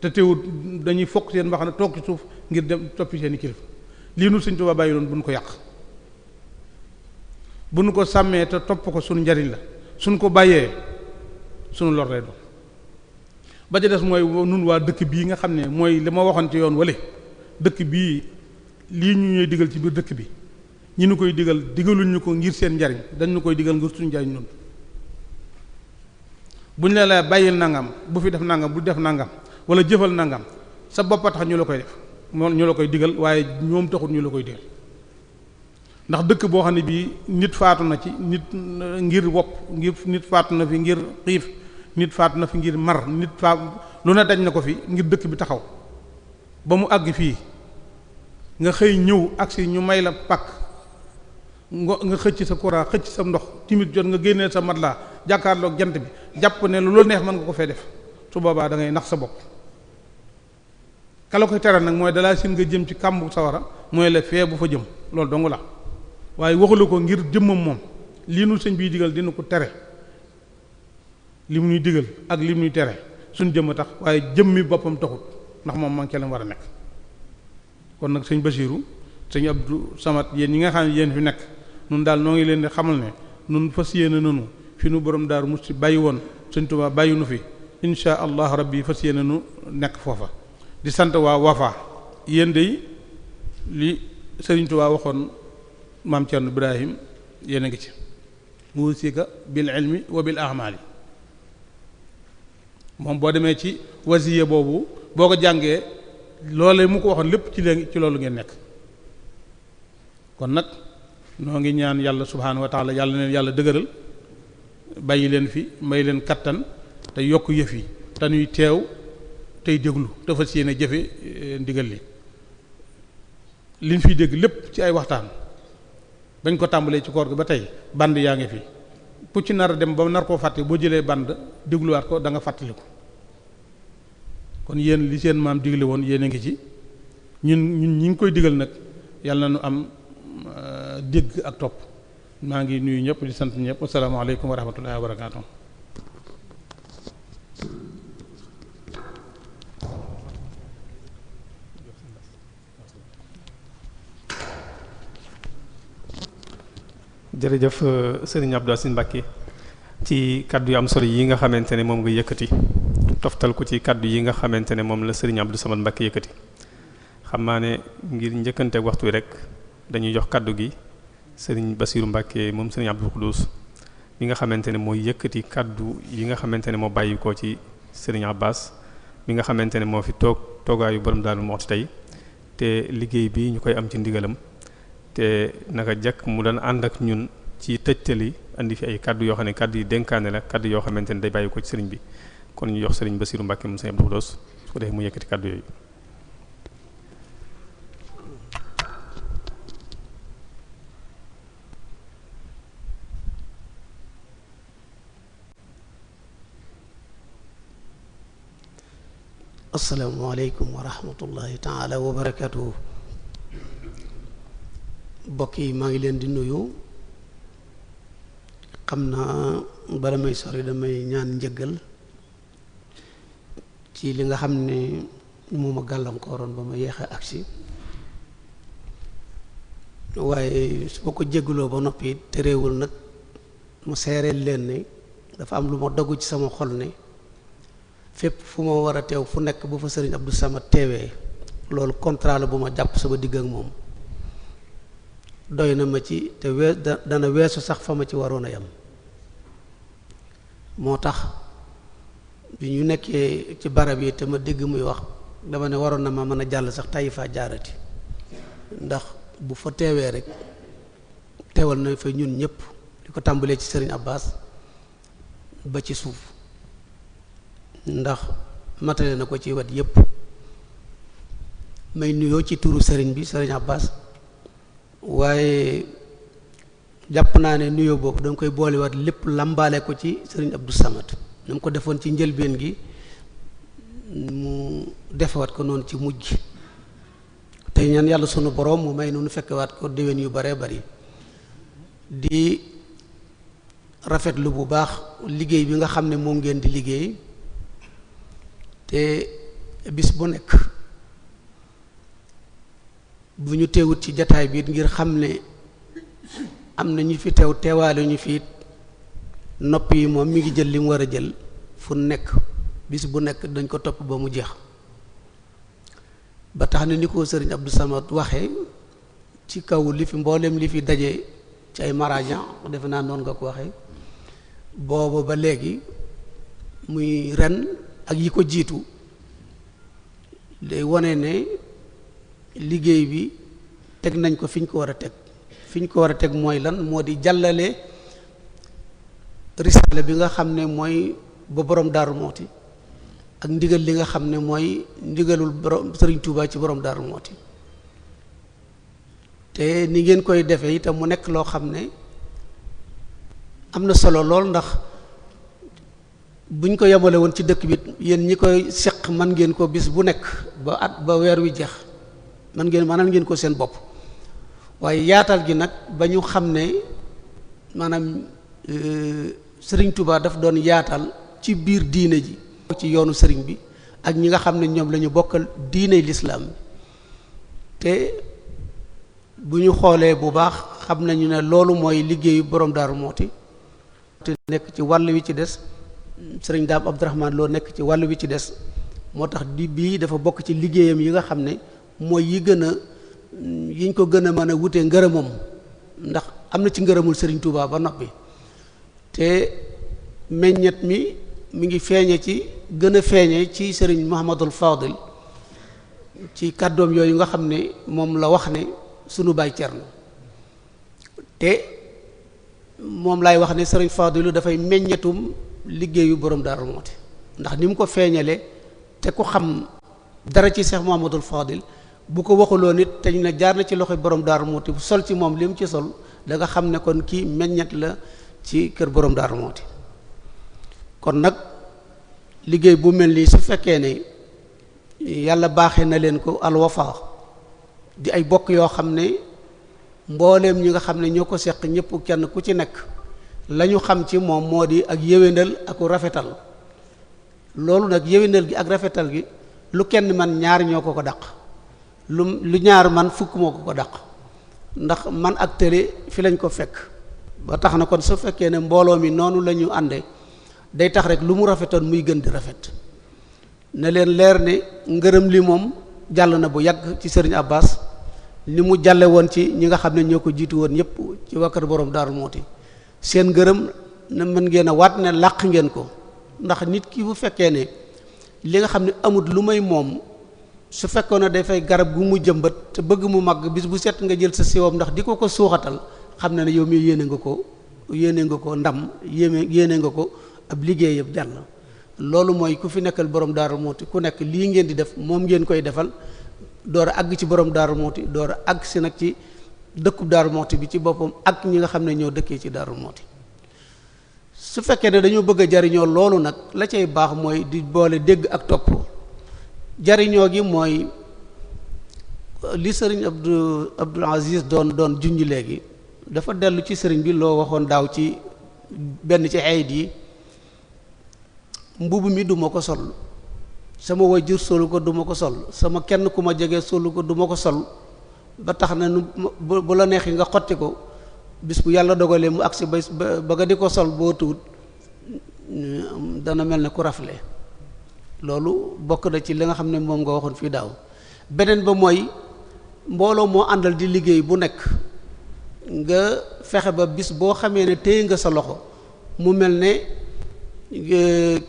te teewut dañuy fokk seen wax toog ci suuf ngir dem toppi seen kilifa lii nu sëñ Tuubaa bàyyi loon bu nu ko yàq bu nu ko sàmmee te topp ko sunu njariñ la suñ ko bàyyee sunu lor lay doon ba ca des mooy nun waa dëkk bii nga xam ne mooy li ma waxoon ci yoon wale dëkk bii lii ñu ñuy digal ci biir dëkk bi ñi nu koy digal digaluñu ko ngir seen njariñ dañ ñu koy digal ngir suñu njariñ ñun buñ la la bàyyil nangam bu fi def nangam bu def nangam wala jëfal nangam sa boppa tax ñu la koy def moom ñu la koy digal waaye ñoom taxul ñu la koy digal ndax dëkk boo xam ne bii nit faatu na ci nit ngir wopp ngir nit faatu na fi ngir xiif nit faatu na fi ngir mar nit fa lu ne dañ na ko fi ngir dëkk bi taxaw ba mu àgg fii nga xëy ñëw agsi ñu may la pàkk nga xëcc sa courant xëcc sa ndox timit jot nga génnee sa laa jàkkaarloog jant bi jàpp ne lu neex mën nga ko fee def su boobaa dangay ndax sa bopp kala tere nag mooy dalaa sin nga jëm ci kàmbu sawara mooy la fee bu fa jëm loolu dongu la waaye waxulu ko ngir jëmmam moom lii nu sëñ biy digal dina ko tere li mu ñuy digal ak li mu ñuy tere suñ jëmm tax waaye jëmmi boppam taxut ndax moom man ca la war a nekk kon nag sëñ Basiiru sëñ Abdou Samad yéen ñi nga xam ne yéen fi nekk nun daal noo ngi leen di xamal ne nun fas yéene nanu fi nu borom daaru si bàyyi woon sëñ Tuubaa bàyyi nu fi insha allah rabbi fas yéene nu nekk foofa di sant waa Wafa yéen de li sëriñ Tuubaa waxoon maam Thierno Ibrahim yéen a ngi ci musika bil ilmi wa bil ahmaali moom boo demee ci wasiya boobu boo ko jàngee loolee mu ko waxoon lépp ci léegi ci loolu ngeen nekk kon nag noo ngi ñaan yàlla subhaanahu wa taala yàlla neen yàlla dëgëral bàyyi leen fi may leen kattan te yokk yëf yi te ñuy teew tey déglu te fas yéene jëfe eh, ndigal li liñ fiy dégg lépp ci ay waxtaan bañ ko tàmbalee ci koor gi ba tey band yaa ngi fi pu ci nar a dem ba nar koo fàtte boo jëlee band digluwaat ko danga nga ko kon yéen li seen maam digle woon yéen a ngi ci ñun ñun ñu ngi koy digal nag yàlla na nu am euh, dégg ak topp maa ngi nuyu ñëpp di sant ñëpp asalaamaaleykum wa rahmatullahi wa barakaatu jërëjëf euh, sëriñ Abdou Assane Mbacké ci kaddu yu am solo yi nga xamante ne moom nga yëkkati toftal ko ci kaddu yi nga xamante ne moom la sëriñ Abdou Samad Mbacké yëkkati xam naa ne ngir njëkkante waxtu wi rek dañuy jox kaddu gi sëriñ Bassirou Mbacké moom sëriñ Abdou Khoudous mi nga xamante ne mooy yëkkati kaddu yi nga xamante ne moo bàyyi ko ci sëriñ Abbas mi nga xamante ne moo fi toog toogaayu borom Darou Moukhty tey te liggéey bi ñu koy am ci ndigalam. te naka jekk mu daan ànd ak ñun ci tëjtali indi fi ay kàddu yoo xam ne kaddu yi dénkaane la kaddu yoo xamante ne day bàyyi ko ci sëriñ bi kon ñu yox sëriñ Basiru Mbàkke mu sëriñ Abdou Khoudoss su ko defee mu yëkkati kaddu yooyu. mbokk yi maa ngi leen di nuyu xam naa bala may sori damay ñaan njëggal ci li nga xam ne moo ma gàllankooroon ba ma yeexe agsi waaye su ma ko jégguloo ba noppi te réewul nag mu seereel leen ne dafa am lu ma dogu ci sama xol ne fépp fu ma war a teew fu nekk bu fa sëriñ Abdou Samad teewee loolu contrat la bu ma jàpp sama digg ak moom doy na ma ci te wees dana weesu sax fa ma ci waroon a yam moo tax bi ñu nekkee ci barab yi te ma dégg muy wax dama ne waroon na ma mën a jàll sax tàyyi faa jaarati ndax bu fa teewee rek teewal na fa ñun ñëpp di ko tàmbalee ci sëriñ Abbas ba ci suuf ndax matale na ko ci wet yépp may nuyoo ci turu sëriñ bi sëriñ Abbas waaye jàpp naa ne nuyoo boobu danga koy boolewaat lépp lambaale ko ci sëriñ Abdou Samad na mu ko defoon ci njëlbeen gi mu defewaat ko noonu ci mujj te ñaan yàlla sunu borom mu may noonu fekkewaat ko déwén yu bare bari di rafetlu bu baax liggéey bi nga xam ne moom ngeen di liggéey te bis bu nekk bu ñu teewut ci jataay biit ngir xam ne am na ñu fi teew teewaale ñu fi nopp yi moom mi ngi jël li mu war a jël fu nekk bis bu nekk dañ ko topp ba mu jeex ba tax na ni ko sëriñ Abdou Samad waxee ci kaw li fi mbooleem li fi daje ci ay marajan defe naa noonu nga ko waxe boobu ba léegi muy ren ak yi ko jiitu day wone ne liggéey bi teg nañ ko fi ñu ko war a teg fi ñu ko war a teg mooy lan moo di jàllale risaale bi nga xam ne mooy ba borom daaru mooti ak ndigal li nga xam ne mooy ndigalul borom Serigne Touba ci borom daaru mooti te ni ngeen koy defee itam mu nekk loo xam ne am na solo lool ndax buñ ko yemale woon ci dëkk bi yéen ñi koy seq man ngeen ko bis bu nekk ba at ba weer wi jeex man ngeen maanaam ngeen ko seen bopp waaye yaatal gi nag ba ñu xam ne maanaam euh, sëriñ Touba daf doon yaatal ci biir diine ji ci yoonu sëriñ bi ak ñi nga xam ne ñoom lañu ñu bokkal diine lislaam te bu ñu xoolee bu baax xam nañu ne loolu mooy liggéeyu borom daaru mooti te nekk ci wàll wi ci des sëriñ daam Abdourahman loo nekk ci wàll wi ci des moo tax di bii dafa bokk ci liggéeyam yi nga xam ne mooy yi gën a yiñ ko gën a mën a wutee ngërëmam ndax am na ci ngërëmul sëriñ Touba ba noppi te meññet mi mi ngi feeñe ci gën a feeñe ci sëriñ Muhammadul Fadil ci kàddoom yooyu nga xam ne moom la wax ne sunu baay Cerno te moom laay wax ne sëriñ Fadilu dafay meññetum liggéeyu borom Daaru Muxti ndax ni mu ko feeñale te ku xam dara ci Seex Muhammadul Fadil bu ko waxuloon it te ñu ne jaar na ci loxo borom Darou Mouhty sol ci moom li mu ci sol da nga xam ne kon kii meññat la ci kër borom daaru Mouhty kon nag liggéey bu mel nii su fekkee ne yàlla baaxe na leen ko Al Wafa di ay bokk yoo xam ne mbooleem ñi nga xam ne ñoo ko seq ñëpp kenn ku ci nekk la ñu xam ci moom moo di ak yéwénal ak rafetal loolu nag yéwénal gi ak rafetal gi lu kenn man ñaar ñoo ko ko dàq. lu lu ñaar man fukk moo ko ko dàq ndax man ak tële fi lañ ko fekk ba tax na kon su fekkee ne mbooloo mi noonu la ñu ànde day tax rek lu mu rafetoon muy gën di rafet ne leen leer ne ngërëm li moom jàll na bu yàgg ci sëriñ Abbas li mu jàlle woon ci ñi nga xam ne ñoo ko jiitu woon ñëpp ci wakkar borom Daaru Muxti seen ngërëm na mën ngeen a waat ne làq ngeen ko ndax nit ki bu fekkee ne li nga xam ne amut lu may moom su fekkoon ne dafay garab gu mu jëmbat te bëgg mu màgg bis bu set nga jël sa siwam ndax di ko ko suuxatal xam na ne yow mi yéene nga ko yéene nga ko ndam yéeme yéene nga ko ab liggéey yëpp jàll loolu mooy ku fi nekkal borom daaru muuti ku nekk lii ngeen di def moom ngeen koy defal door a àgg ci borom daaru muuti door a àgg si nag ci dëkkub daaru muuti bi ci boppam ak ñi nga xam ne ñoo dëkkee ci daaru muuti su fekkee ne dañoo bëgg a jariñoo loolu nag la cay baax mooy di boole dégg ak topp jariñoo gi mooy li sëriñ Abdou Abdul Aziz doon doon junj léegi dafa dellu ci sëriñ bi loo waxoon daaw ci benn ci ayit yi mbubb mi duma ko sol sama wajur solu ko duma ko sol sama kenn ku ma jege solu ko duma ko sol ba tax na nu bu la neexi nga xotti ko bis bu yàlla dogalee mu agsi ba ba nga di ko sol boo tuut dana mel ne ku rafle loolu bokk na ci li nga xam ne moom nga waxoon fii daaw beneen ba mooy mbooloo moo àndal di liggéey bu nekk nga fexe ba bis boo xamee ne téye nga sa loxo mu mel ne e,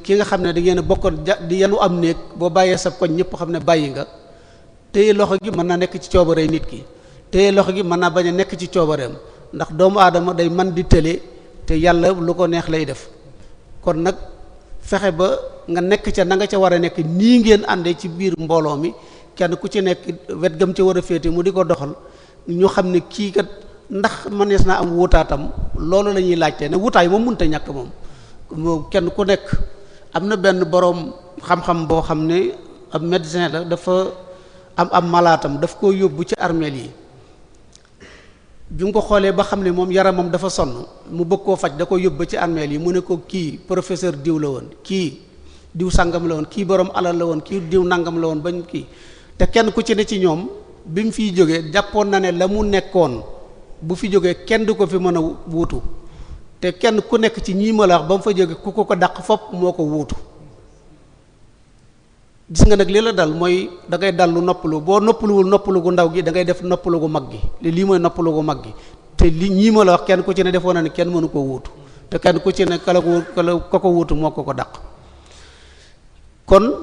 ki nga xam ne da ngeen a bokkoon di yanu am néeg boo bàyyee sa koñ ñëpp xam ne bàyyi nga téye loxo gi mën naa nekk ci coobaree nit ki téye loxo gi mën naa bañ a nekk ci coobareem ndax doomu aadama day man di tële te yàlla lu ko neex lay def kon nag fexe ba nga nekk ca na nga ca war a nekk nii ngeen àndee ci biir mbooloo mi kenn ku ci nekk wet gam ca war a féete mu di ko doxal ñu xam ne kii kat ndax mënees naa am wutaatam loolu la ñuy laajte ne wutaay moom mënut a ñàkk moom moom kenn ku nekk am na benn boroom xam-xam boo xam ne ab médecin la dafa am am malaatam daf ko yóbbu ci armeel yi bi mu ko xoolee ba xam ne moom yaramam dafa sonn mu bëgg koo faj da ko yóbbu ci armeel yi mu ne ko kii professeur diw la woon kii diw sàngam la woon kii borom alal la woon kii diw nangam la woon ba bañ kii te kenn ku ci ne ci ñoom bi mu fi jógee jàppoon na ne la mu nekkoon bu fi jógee kenn du ko fi mën a wuutu te kenn ku nekk ci ñii ma ba mu fa jógee ku ko ko dàq fopp moo ko wuutu bis nga nag li la dal mooy dangay ngay dal lu noppalu boo noppaluwul noppalu gu ndaw gi dangay ngay def noppalu gu mag gi lii mooy noppalu gu mag gi te lii ñii la wax kenn ku ci ne defoon na ne kenn mënu koo wuutu kenn ku ci ne kala ko ko ko wuutu moo ko ko daq kon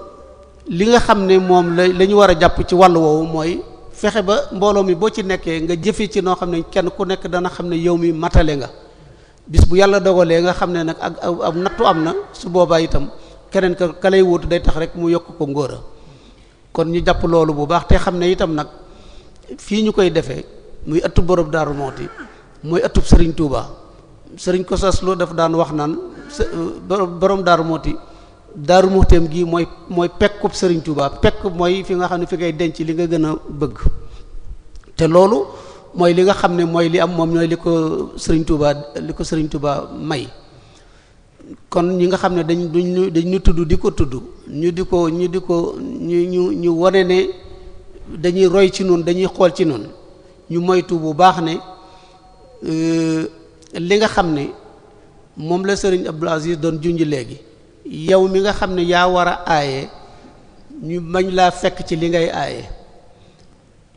li nga xam ne moom la lañu war a jàpp ci wàll woowu mooy fexe ba mbooloo mi boo ci nekkee nga jëfe ci noo xam ne kenn ku nekk dana xam ne yow mi matale nga bis bu yàlla dogalee nga xam ne nag ak ab nattu am na su boobaa itam keneen ka ka lay day tax rek mu yokk ko ngóora kon ñu jàpp loolu bu baax te xam ne itam nag fii ñu koy defee muy ëttub borom Daaru Muxti mooy ëttub Serigne Touba Serigne Kosas Lo daf daan wax naan euh, borom Daaru Muxti Daaru Muxteem gii mooy mooy pekkub Serigne Touba pekk mooy fi nga xam ne fi ngay denc li nga gën a bëgg te loolu mooy li nga xam ne mooy li am moom ñooy li ko sëriñ Touba li ko sëriñ Touba may. kon ñi nga xam ne dañ duñ dañ tudd di ko tudd ñu di ko ñu di ko ñu ñu ñu wone ne dañuy roy ci noonu dañuy xool ci noonu ñu moytu bu baax ne euh, li nga xam ne moom la sëriñ Abdul Aziz doon junj léegi yow mi nga xam ne yaa war a aaye ñu mañ laa fekk ci li ngay aaye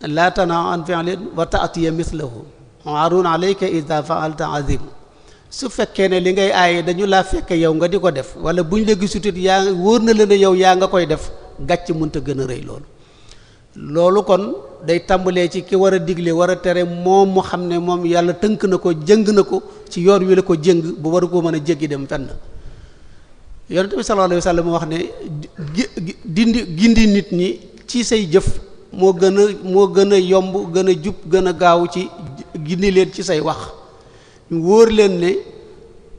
laa tanha an fi'lin wa ta'tiya mithlahu aarun alayka idha fa'alta azim su fekkee ne li ngay aaye dañu laa fekke yow nga di ko def wala bu ñu la gisutit yaa wóor na leen ne yow yaa nga koy def gàcc mënta gën a rëy loolu loolu kon day tàmbalee ci ki war a digle war a tere moom mu xam ne moom yàlla tënk na ko jëng na ko ci yoon wi la ko jëng bu waru koo mën a jéggi dem fenn yonent bi sallallahu alayhi wa wax ne dindi gindi nit ñi ci say jëf moo gën a moo gën a yomb gën a jub gën a gaaw ci gindi leen ci say wax ñu wóor leen ne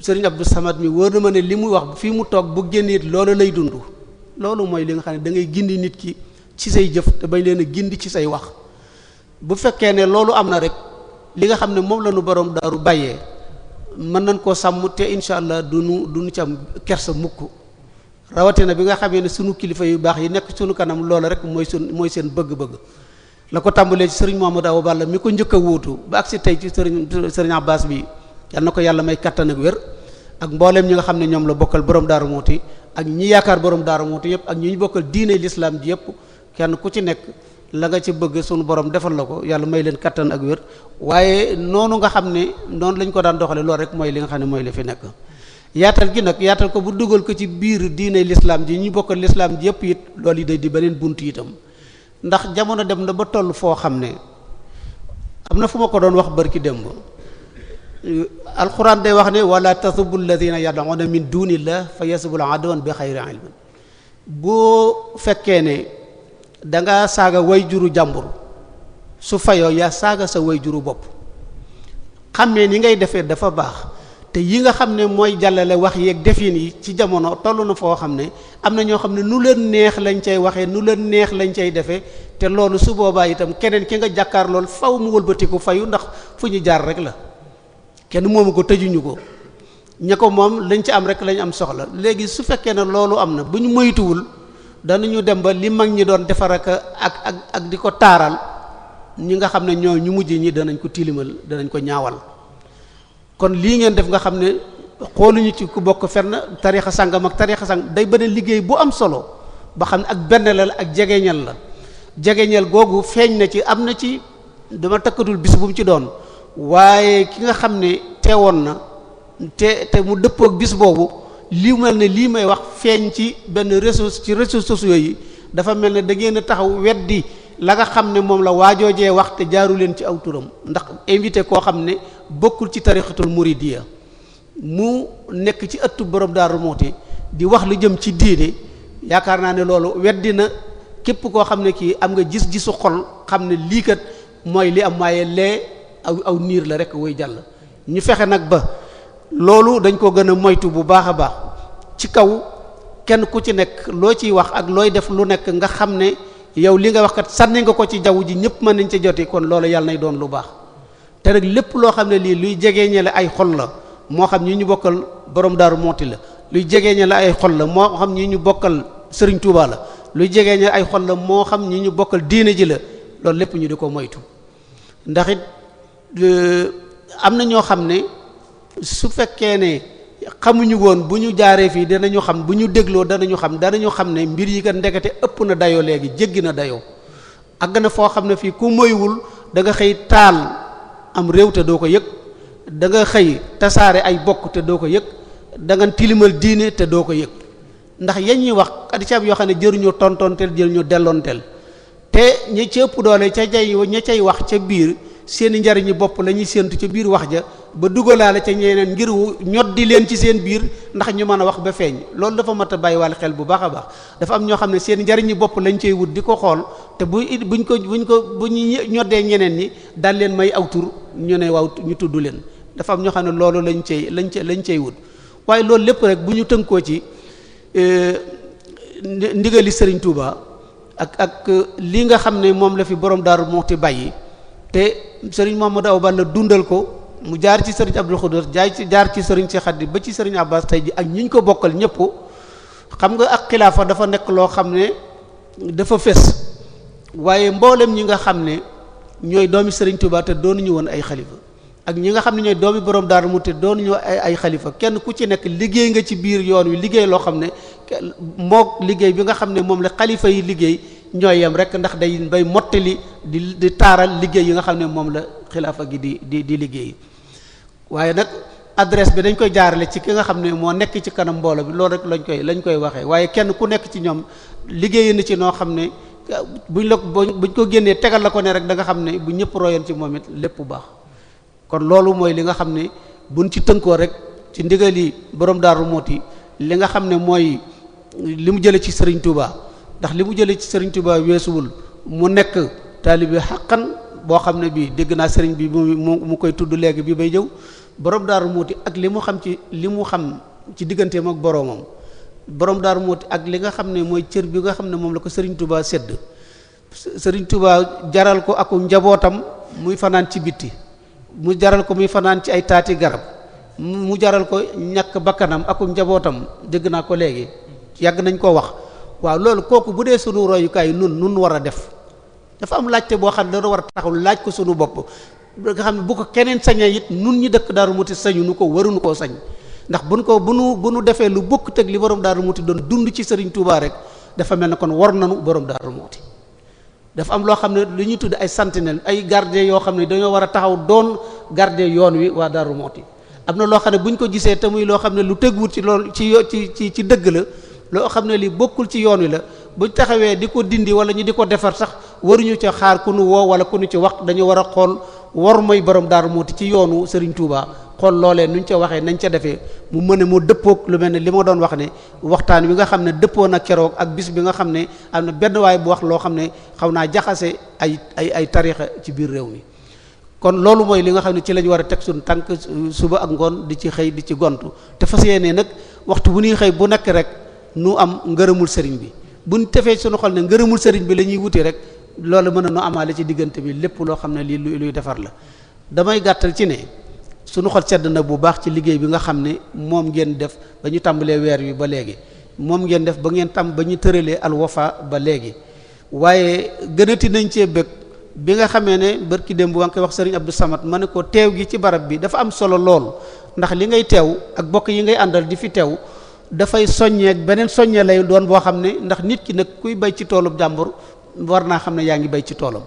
sëriñ Abdou Samad mi wóor na ma ne li muy wax fii mu toog bu génn it loolu lay dund loolu mooy li nga xam ne da ngay gindi nit ki ci say jëf te bañ leen a gindi ci say wax bu fekkee ne loolu am na rek li nga xam ne moom la ñu borom daaru bàyyee mën nañ koo sàmm te incha allah du nu du nu ci am kersa mukk rawatina bi nga xamee ne sunu kilifa yu baax yi nekk sunu kanam lool rek mooy sun mooy seen bëgg-bëgg la ko tàmbalee ci sëriñ Mamadou Awa Balla mi ko njëkk a wóotu tey ci sëriñ sëriñ Abbas bi yal na ko yàlla may kattan ak wér ak mbooleem ñi nga xam ne ñoom la bokkal borom daaru muuti ak ñi yaakaar borom daaru muuti yëpp ak ñi ñu bokkal diine lislaam ji yëpp kenn ku ci nekk la nga ci bëgg sunu borom defal la ko yàlla may leen kattan ak wér waaye noonu nga xam ne noonu lañ ko daan doxale loolu rek mooy li nga xam ne mooy li fi nekk yaatal gi nag yaatal ko bu dugal ko ci biir diine lislaam ji ñu bokkal lislaam ji yëpp it loolu yi day di beneen bunt itam ndax jamono dem na ba toll foo xam ne am na fu ma ko doon wax barki démb alquran day wax ne wala tasubu alladina yad'una min dunillah fa yasubul adwan bi xayri ilmin boo fekkee ne danga nga saaga way juru jàmbur su fayoo yaa saaga sa way juru bopp xammee ni ngay defee dafa baax te yi nga xam ne mooy jàllale wax yeeg defin yi ci jamono toll na foo xam ne am na ñoo xam ne nu leen neex lañ cay waxee nu leen neex lañ cay defee te loolu su boobaa itam keneen ki nga jàkkaar lool faw mu wëlbatiku fayu ndax fu ñu jaar rek la kenn moomu ko tëjuñu ko ña ko moom lañ ci am rek lañ am soxla léegi su fekkee ne loolu am na bu ñu moytuwul danañu dem ba li mag ñi doon defar ak ak di ko taaral ñi nga xam ne ñoo ñu mujj ñi danañ ko tilimal danañ ko ñaawal kon lii ngeen def nga xam ne xooluñu ci ku bokk fenn tariixa sàngam ak tariixa sàng day beneen liggéey bu am solo ba xam ne ak benn la ak jegeñal la jegeñal googu feeñ na ci am na ci dama takkatul bis bu ci doon waaye ki nga xam ne teewoon na te te mu dëppook ak bis boobu li mel ne lii may wax feeñ ci benn réseau ci réseaux sociaux yi dafa mel ne da ngeen a taxaw weddi la nga xam ne moom la waajoojee wax te jaaru leen ci aw turam ndax invité koo xam ne bokkul ci tarixatul muridiya mu nekk ci ëttu borom Daaru Muxti di wax lu jëm ci diide yaakaar naa ne loolu weddi na képp koo xam ne kii am nga gis-gisu xol xam ne liikat mooy li am waaye lee aw aw niir la rek wuy jàll ñu fexe nag ba loolu dañ koo gën a moytu bu baax a baax ci kaw kenn ku ci nekk loo ciy wax ak looy def lu nekk nga xam ne yow li nga wax kat sànni nga ko ci jaww ji ñëpp mën nañ ci joti kon loolu yàlla nay doon lu baax te nag lépp loo xam ne lii luy jegeñale ay xol la moo xam ñi ñu bokkal borom daaru monti la luy jegeñale ay xol la moo xam ñi ñu bokkal Serigne Touba la luy jegeñale ay xol la moo xam ñi ñu bokkal diine ji la loolu lépp ñu di ko moytu ndax am na ñoo xam ne su fekkee ne xamuñu woon bu ñu jaaree fii danañu xam bu ñu dégloo danañu xam dana danañu xam ne mbir yi kat ndekete ëpp na dayoo léegi jéggi na dayoo àgg na foo xam ne fii ku moywul danga nga xëy taal am réew te doo ko yëg danga xëy tasaare ay bokk te doo ko yëg danga tilimal diine te doo ko yëg ndax yañ ñuy wax addicaab yoo xam ne jëruñu tontoonteel jëruñu delloonteel te ña ci ëpp doole ca jay ña cay wax ca biir seeni njariñu bopp la ñuy séentu ca biir wax ja ba dugalaale ca ñeneen ngir ñoddi leen ci seen biir ndax ñu mën a wax ba feeñ loolu dafa mat a bàyyiwaale xel bu baax a baax dafa am ñoo xam ne seen njariñu bopp lañ cey wut di ko xool te bu buñ ko buñ ko bu ñu ñoddee ñeneen yi daal leen may aw tur ñu ne waaw ñu tudd leen dafa am ñoo xam ne loolu lañ cey lañ cey lañ cey wut waaye loolu lépp rek bu ñu tënkoo ci euh, ndigali sëriñ Touba ak ak euh, li nga xam ne moom la fi borom Darou Moukhty bàyyi te sëriñ ma Mamadou Awa Balla dundal ko mu jaar ci sëriñ Abdul Xudur jaay ci jaar ci sëriñ si xaddi ba ci sëriñ Abbas tey ji ak ñi ñu ko bokkal ñëpp xam nga ak xilaafa dafa nekk loo xam ne dafa fés waaye mboolem ñi nga xam ne ñooy doomi sëriñ Tuubaa te doonuñu woon ay xalifa ak ñi nga xam ne ñooy doomi borom Daaru Muxti doonuñu ay ay xalifa kenn ku ci nekk liggéey nga ci biir yoon wi liggéey loo xam ne mook liggéey bi nga xam ne moom la xalifa yi liggéey ñooy yem rek ndax day bay mottali di di taaral liggéey yi nga xam ne moom la xilaafa gi di di liggéey waaye nag adresse bi dañ koy jaarale ci ki nga xam ne moo nekk ci kanam mbooloo bi loolu rek lañ koy lañ koy waxee waaye kenn ku nekk ci ñoom liggéey na ci noo xam ne buñ la buñ ko génnee tegal la ko ne rek da nga xam ne bu ñëpp royoon ci moom it lépp bu baax kon loolu mooy li nga xam ne buñ ci tënkoo rek ci ndigal yi borom Daaru yi li nga xam ne mooy li mu jëlee ci Serigne Touba. ndax li mu jëlee ci sëriñ Tuubaa weesuwul mu nekk taalibe xaqan boo xam ne bii dégg naa sëriñ bi mu mu koy tudd léegi bi bay jëw borom daaru muuti ak li mu xam ci li mu xam ci digganteem ak boroomam borom daaru muuti ak li nga xam ne mooy cër bi nga xam ne moom la ko sëriñ Tuubaa sedd sëriñ Tuubaa jaral ko ak njabootam muy fanaan ci bitti mu jaral ko muy fanaan ci ay taati garab mu jaral ko ñàkk bakkanam akum njabootam dégg naa ko léegi yàgg nañ koo wax waaw loolu kooku bu dee sunu royukaay nun nun war a def dafa am laajte boo xam ne dana war a taxaw laaj ko sunu bopp nga xam ne bu ko keneen sañee it nun ñi dëkk Daaru Muti sañu nu ko waruñu koo sañ ndax buñ ko bu nu bu nu defee lu bokk teg li borom Daaru Muti doon dund ci Sëriñ Tuubaa rek dafa mel ne kon war nanu borom Daaru Muti dafa am loo xam ne lu ñuy tudd ay sentinelle ay garde yoo xam ne dañoo war a taxaw doon garde yoon wi waa Daaru Muti am na loo xam ne bu ñu ko gisee te muy loo xam ne lu tëgwut ci lool ci ci ci dëgg la loo xam ne li bokkul ci yoon wi la bu taxawee di ko dindi wala ñu di ko defar sax waruñu ca xaar ku nu woo wala ku nu ci wax dañu war a xool war mooy borom daar moo Muxti ci yoonu Serigne Touba xool loolee nuñ ca waxee nañ ca defee mu mën a mu dëppoog lu mel ni li ma doon wax ne waxtaan wi nga xam ne dëppoo na keroog ak bis bi nga xam ne am na benn waay bu wax loo xam ne xaw naa jaxase ay ay ay tarixa ci biir réew mi. kon loolu mooy li nga xam ne ci lañ war a teg suñu tànk suba ak ngoon di ci xëy di ci gontu te fas yéene nag waxtu bu ñuy xëy bu nekk rek. nu am ngërëmul sëriñ bi buñ tefee suñu xol ne ngërëmul sëriñ bi la ñuy wuti rek loolu mën na nu amaale ci diggante bi lépp loo xam ne lu luy defar la damay gàttal ci ne suñu xol sedd na bu baax ci liggéey bi nga xam ne moom ngeen def ba ñu tàmbalee weer wi ba léegi moom ngeen def ba ngeen tam ba ñu tëralee Al Wafa ba léegi waaye gënati nañ cee bëgg bi nga xamee ne barki démb waa ngi koy wax sëriñ Abdou Samad ma ne ko teew gi ci barab bi dafa am solo lool ndax li ngay teew ak bokk yi ngay àndal di fi teew dafay soññeek beneen soññee lay doon boo xam ne ndax nit ki nag kuy bay ci toolu jàmbur war naa xam ne yaa ngi bay ci toolam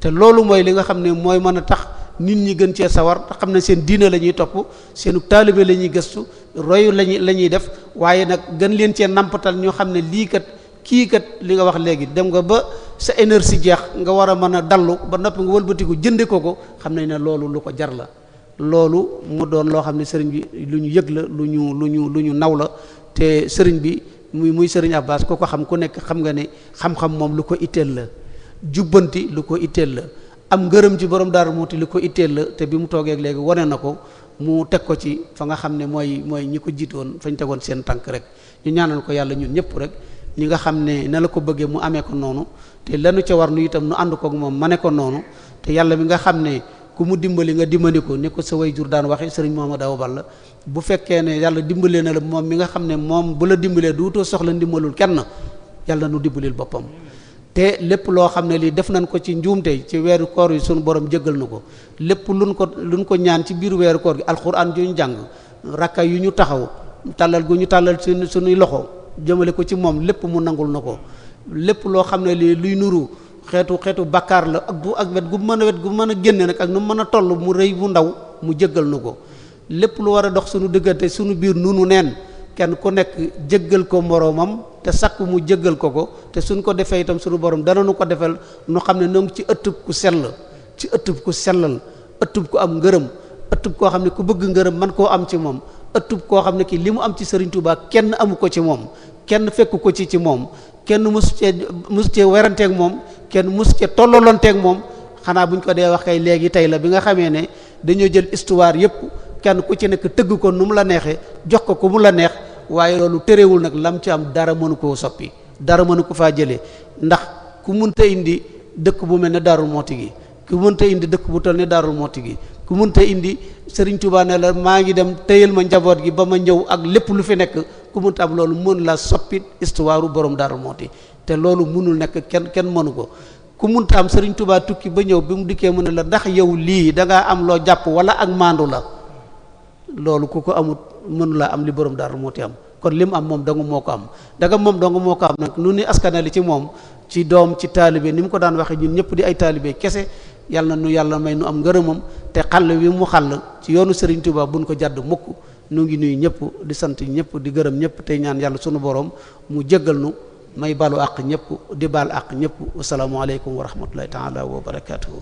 te loolu mooy li nga xam ne mooy mën a tax nit ñi gën cee sawar te xam ne seen diina la ñuy topp seenu taalibe la ñuy gëstu royu lañu la ñuy def waaye nag gën leen cee nampatal ñoo xam ne lii kat kii kat li nga wax léegi dem nga ba sa énergie jeex nga war a mën a dallu ba noppi nga wëlbatiku jënde ko ko xam nañ ne loolu lu ko jar la loolu mu doon loo xam ne sëriñ bi lu ñu yëg la lu ñu lu ñu lu ñu naw la te sëriñ bi muy muy sëriñ Abbas ku ko xam ku nekk xam nga ne xam-xam moom lu ko itteel la jubbanti lu ko iteel la am ngërëm ji borom Daaru Muxti lu ko itteel la te bi mu toogeeg léegi wane na ko mu teg ko ci fa nga xam ne mooy mooy ñi ko jiitoon fañ tegoon seen tànk rek ñu ñaanal ko yàlla ñun ñëpp rek ñi nga xam ne na la ko bëggee mu amee ko noonu te lanu ca war nu itam nu ànd moom ma ne noonu ku mu dimbali nga dimbali ko ni ko sa way jur daan waxee sëriñ Mamadou Awa Balla bu fekkee ne yàlla dimbalee na la moom mi nga xam ne moom bu la dimbalee duutoo soxla ndimbalul kenn yàlla nu dimbalil boppam te lépp loo xam ne lii def nañ ko ci njuumte ci weeru koor yi suñu borom jéggal nu ko lépp luñ ko luñ ko ñaan ci biir weeru koor gi alxuraan ju ñu jàng rakka yu ñu taxaw tàllal gu ñu tàllal suñuy loxo jëmale ko ci moom lépp mu nangul na ko lépp xeetu xeetu bàkkaar la ak bu ak wet gu mën a wet gu mën a génne nag ak nu mën a toll mu rëy bu ndaw mu jëggal nu ko lépp lu war a dox suñu diggante suñu biir nunu neen kenn ku nekk jëggal ko moroomam te sakk mu jëggal ko ko te suñ ko defee itam sunu borom dana nu ko defal nu xam ne noo ngi ci ëttub ku sell ci ëttub ku sellal ëttub ku am ngërëm ëttub koo xam ne ku bëgg ngërëm man koo am ci moom ëttub koo xam ne kii li mu am ci Serigne Touba kenn amu ko ci moom kenn fekk ko ci ci moom kenn mësu cee mësu cee weranteeg moom kenn mësu cee tollaloonteeg moom xanaa buñ ko dee wax kay léegi tey la bi nga xamee ne dañoo jël histoire yépp kenn ku ci nekk tëgg ko nu mu la neexee jox ko ku mu la neex waaye loolu terewul nag lam ci am dara mënu koo soppi dara mënu ko faa jëlee ndax ku mënta indi dëkk bu mel ne daarul Moukhty gi ku mënta indi dëkk bu toll ne daarul Moukhty gi ku mënta indi Serigne Touba la maa ngi dem téyel ma njaboot gi ba ma ñëw ak lépp lu fi nekk ku loolu mën la soppi histoire borom Darou Mouhty te loolu mënul nekk kenn kenn mënu ko ku mun taam Serigne Touba tukki ba ñëw bi mu dikkee mu la ndax yow lii da am loo jàpp wala ak maandu la loolu ku ko amut mënu la am li borom Darou Mouhty am kon li am moom dong moo ko am daga moom dong moo ko am nag nu ni askanali ci moom ci doom ci taalibee ni mu ko daan waxee ñun ñëpp di ay taalibe kese yàlla na nu yàlla may nu am ngërëmam te xàll wi mu xàll ci yoonu Serigne Touba buñ ko jàdd mukk noo ngi nuyu ñëpp di sant ñëpp di gërëm ñëpp tey ñaan yàlla sunu borom mu jéggal nu may balu àq ñëpp di baal àq ñëpp asalaamaaleykum wa rahmatullahi taala wa barakaatuhu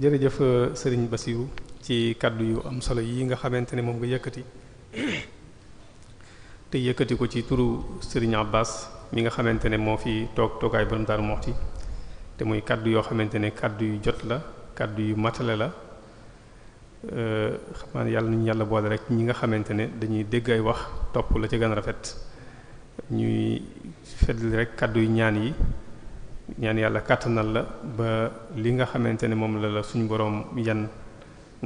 jërëjëf Serigne Bassirou ci kàddu yu am solo yi nga xamante ne moom nga yëkkati te yëkkati ko ci turu Serigne Abbas mi nga xamante ne moo fi toog toogaay borom Darou Moukhty te muy kàddu yoo xamante ne kaddu yu jot la kàddu yu matale la xam naa yàlla nañu yàlla boole rek ñi nga xamante ne dañuy dégg ay wax topp la ci gën a rafet ñuy fedli rek kàddu yu ñaan yi. ñaan yàlla kàttanal la ba li nga xamante ne moom la la suñu boroom yan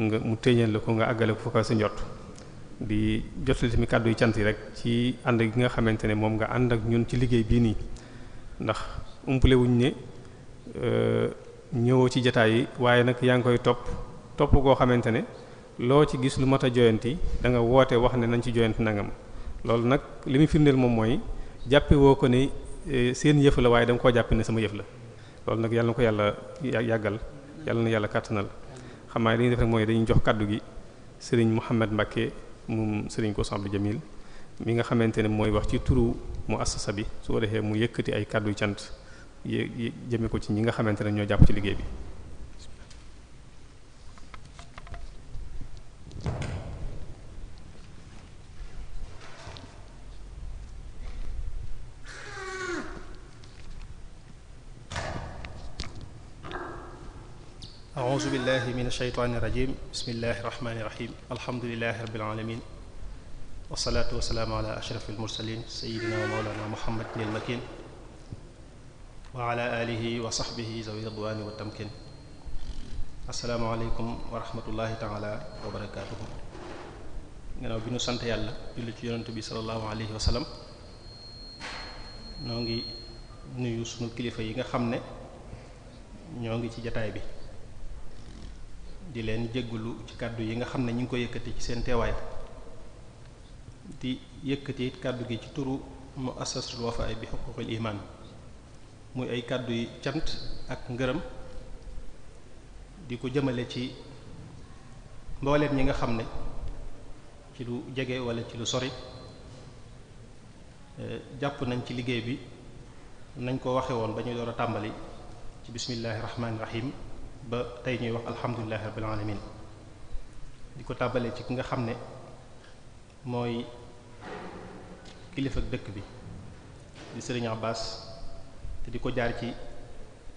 nga mu téeñal la ko nga àggale ko foofa sa njot di jotali tamit kàddu yi cant yi rek ci ànd gi nga xamante ne moom nga ànd ak ñun ci liggéey bii nii ndax umpale wuñ ne euh, ñëwoo ci jataay yi waaye nag yaa ngi koy topp topp goo xamante ne loo ci gis lu mat a joyanti da nga woote wax ne nañ ci joyanti nangam loolu nag li muy firndeel moom mooy jàppe woo ko ne euh, seen yëf la waaye danga koo jàppe ne sama yëf la loolu nag yàlla na ko yàlla yàggal yàlla na yàlla kàttanal xamaa naa li def rek mooy dañuy jox kàddu gi sëriñ Mouhamed Mbacke mu sëriñ ko Samb Jamil mi nga xamante ne mooy wax ci turu mu assasa bi su ko defee mu yëkkati ay kàddu yu cant yé jëmee ko ci ñi nga xamante ne ñoo jàpp ci liggéey bi. auzu billahi min asheytaani rajim bismillahi rahmaani rahim alhamdulilahi rabbil alamin wasalaatu wasalaamu ala ashraf almursalin sayidina mawlana muhammad nil makin wa ala alihi wa sahbihi zawi ridwani wa tamkin assalaamu aleykum wa rahmatullahi taala wa barakaatuhu gannaaw bi ñu sant yàlla julli ci yonent bi sallallahu alayhi wa sallam noo ngi nuyu sunu kilifa yi nga xam ne ñoo ngi ci jataay bi di leen jéggulu ci kàddu yi nga xam ne ñu ngi ko yëkkati ci seen teewaay di yëkkati kàddu gi ci turu mu assasul wafaay bi xuququl iman muy ay kàdduy cant ak ngërëm di ko jëmale ci mbooleem ñi nga xam ne ci lu jege walla ci lu sori eh, jàpp nañ ci liggéey bi nañ ko waxe woon ba ñu door a tàmbali ci bismillahi rahmaani rahim ba tey ñuy wax alhamdulillahi rabbil alamin di ko tàbbalee ci ki nga xam ne mooy kilifa dëkk bi di sëriñ Abbas te di ko jaar ci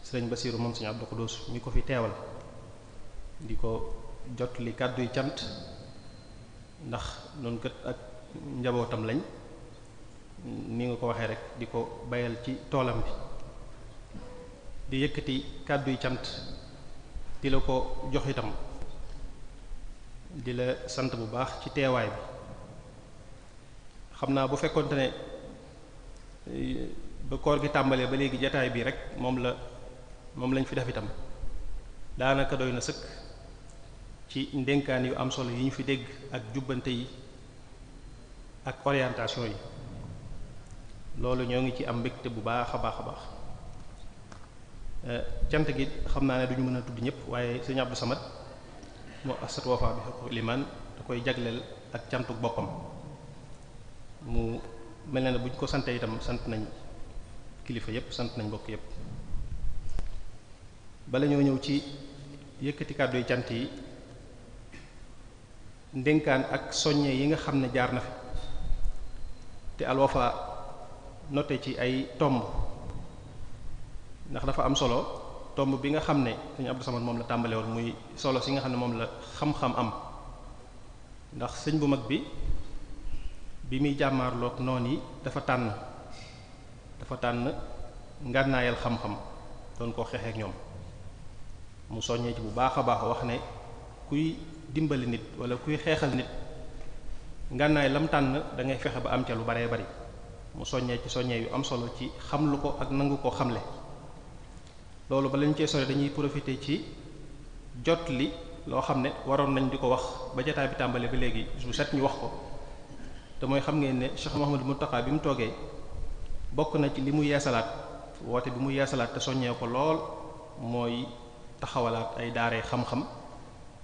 sëriñ Basiiru moom sëriñ Abdou Xudoos mi ko fi teewal di ko jot li kàdduy cant ndax noonu kat ak njabootam lañ ni nga ko waxee rek di ko bayal ci toolam bi di yëkkati kàdduy cant di la ko jox itam di la sant bu baax ci teewaay bi xam naa bu fekkonte ne ba koor gi tàmbalee ba léegi jataay bii rek moom la moom lañ fi def itam daanaka doy na sëkk ci ndénkaan yu am solo yu ñu fi dégg ak jubbante yi ak orientation yi loolu ñoo ngi ci am mbégte bu baax a baax a baax Euh, cant gi xam naa ne du mën a tudd ñëpp waaye sëñ Abdou Samad moo asat wafa bi xaqul iman da koy jagleel ak cantu boppam mu mel na ne bu ñu ko santee itam sant nañ kilifa yëpp sant nañ bokk yëpp bala ñoo ñëw ci yëkkati kàddu yi cant yi ndénkaan ak soññe yi nga xam ne jaar na fi te Al Wafa ci ay tomb ndax dafa am solo tomb bi nga xam ne sëñ Abdou Samad moom la tàmbale woon muy solo si nga xam ne moom la xam-xam am ndax sëñ bu mag bi bi muy jàmmaarlook noon yi dafa tànn dafa tànn ngànnaayal xam-xam doon koo xeexeek ñoom mu soññee ci bu baax a baax wax ne kuy dimbali nit wala kuy xeexal nit ngànnaay lam tànn dangay fexe ba am ca lu baree bari mu soññee ci soññee yu am solo ci xam lu ko ak nangu ko xamle loolu ba lañ cee sore dañuy profiter ci jot li loo xam ne waroon nañ di ko wax ba jotaay bi tàmbale ba léegi bu set ñu wax ko te mooy xam ngeen ne Cheikh Mouhamadou Mountakha bi mu toogee bokk na ci li mu yeesalaat woote bi mu yeesalaat te ko lool mooy taxawalaat ay daaree xam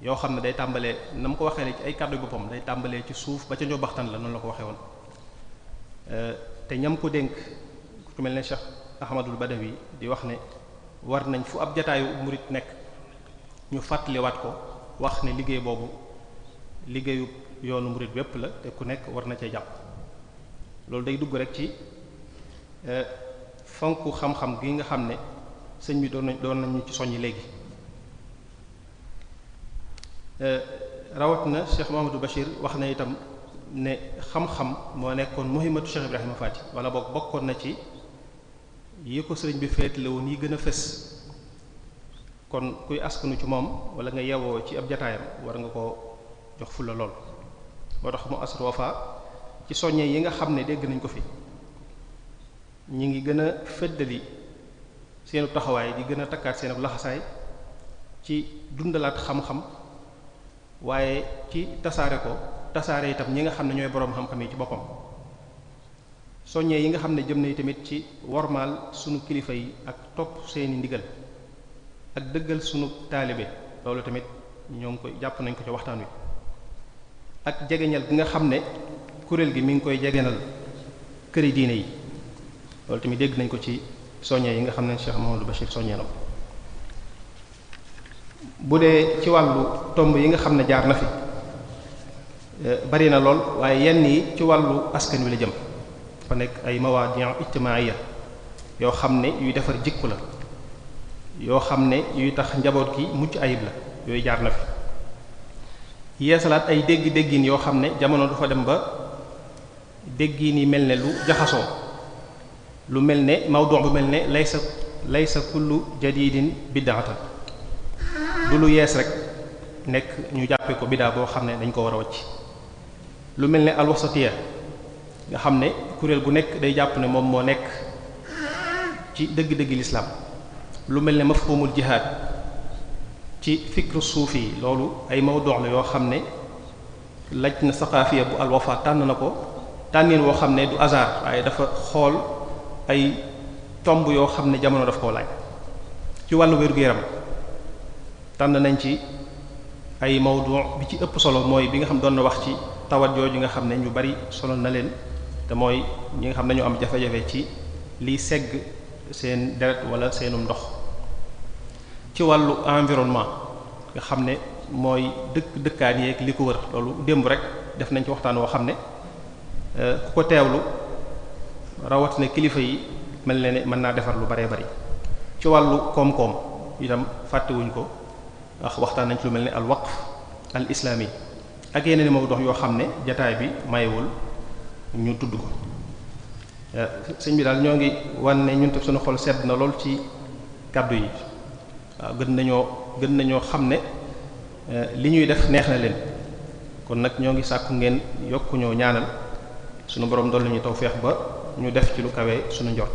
yoo xam ne day tàmbalee na ko waxee ci ay kàddu boppam day tàmbalee ci suuf ba ca njobaxtan la noonu la ko waxee woon euh, te ñam ko dénk ku mel ne Cheikh Ahmadul Badawi di wax ne war nañ fu ab jataayu murit nekk ñu fàttaliwaat ko wax ne liggéey boobu liggéeyu yoonu murit bépp la te ku nekk war na cee jàpp loolu day dugg rek ci e, fonk xam-xam gi nga xam ne sëñ bi doon nañ doon nañu ci soññ léegi e, rawat na Cheikh Mouhamadou Bachir wax na itam ne xam-xam moo nekkoon muhimmatu Cheikh Ibrahima Fati wala boog bokkoon na ci yi ko sëriñ bi féet la woon yi gën a fës kon kuy askanu ci moom wala nga yewoo ci ab jataayam war nga ko jox fulla lool moo tax mu asat wafa ci soññee yi nga xam ne dégg nañ ko fi ñi ngi gën a feddali seenu taxawaay di gën a takkaat seen laxasaay ci dundalaat xam-xam waaye ci tasaare ko tasaare itam ñi nga xam ne ñooy boroom xam-xam yi ci boppam soññee yi nga xam ne jëm na tamit ci wormaal sunu kilifa yi ak topp seeni ndigal ak dëggal sunu taalibe loolu tamit ñoo ngi koy jàpp nañ ko ci waxtaan wi ak jegeñal gi nga xam ne kuréel gi mi ngi koy jegeñal këri diine yi loolu tamit dégg nañ ko ci soññee yi nga xam ne Cheikh Mahamadou Bachir soññee na bu dee ci wàllu tomb yi nga xam ne jaar na fi eh, bari na lool waaye yenn yi ci wàllu askan wi la jëm dafa nekk ay mawaadiyan ijtimaaya yoo xam ne yuy defar jikko la yoo xam ne yuy tax njaboot gi mucc ayib la yooy jaar na fi yeesalaat ay dégg déggin yoo xam ne jamono dafa dem ba déggiin yi mel ne lu jaxasoo lu mel ne mawdu bu mel ne laysa laysa kullu jadidin biddaatan du lu yees rek nekk ñu jàppee ko biddaa boo xam ne dañ ko war a wacc lu mel ne alwasatiya nga xam ne kuréel gu nekk day jàpp ne moom moo nekk ci dëgg-dëgg lislaam lu mel ne mafhumul jihaad ci fikru suufi loolu ay mawduu la yoo xam ne laj na saqaafiya bu alwafa tànn na ko tànnin woo xam ne du hasard dafa xool ay tomb yoo xam ne jamono daf koo ci wàllu wér-gu-yaram tànn nañ ci ay mawdu bi ci ëpp solo mooy bi nga xam doon na wax ci tawat jooju nga xam ne ñu bari solo na leen te mooy ñi nga xam nañu am jafe-jafe ci liy segg seen deret wala seenum ndox ci wàllu environnement nga xam ne mooy dëkk dëkkaan yeeg li ko wër loolu démb rek def nañ ci waxtaan woo xam ne euh, ku ko teewlu rawatina kilifa yi mel ne ne mën naa defar lu baree bari ci wàllu koom-koom itam fàttewuñ ko wax waxtaan nañ ci lu mel ne al waqf al islami ak yeneen i moo dox yoo xam ne jataay bi mayewul ñu tudd ko eh, sëñ bi daal ñoo ngi wan ne ñun tam suñu xol sedd na lool ci kàddu yi waaw gën nañoo gën nañoo xam ne eh, li ñuy def neex na leen kon nag ñoo ngi sàkk ngeen yokku ñoo ñaanal sunu borom dool ñu tawfeex ba ñu def ci lu kawe sunu njort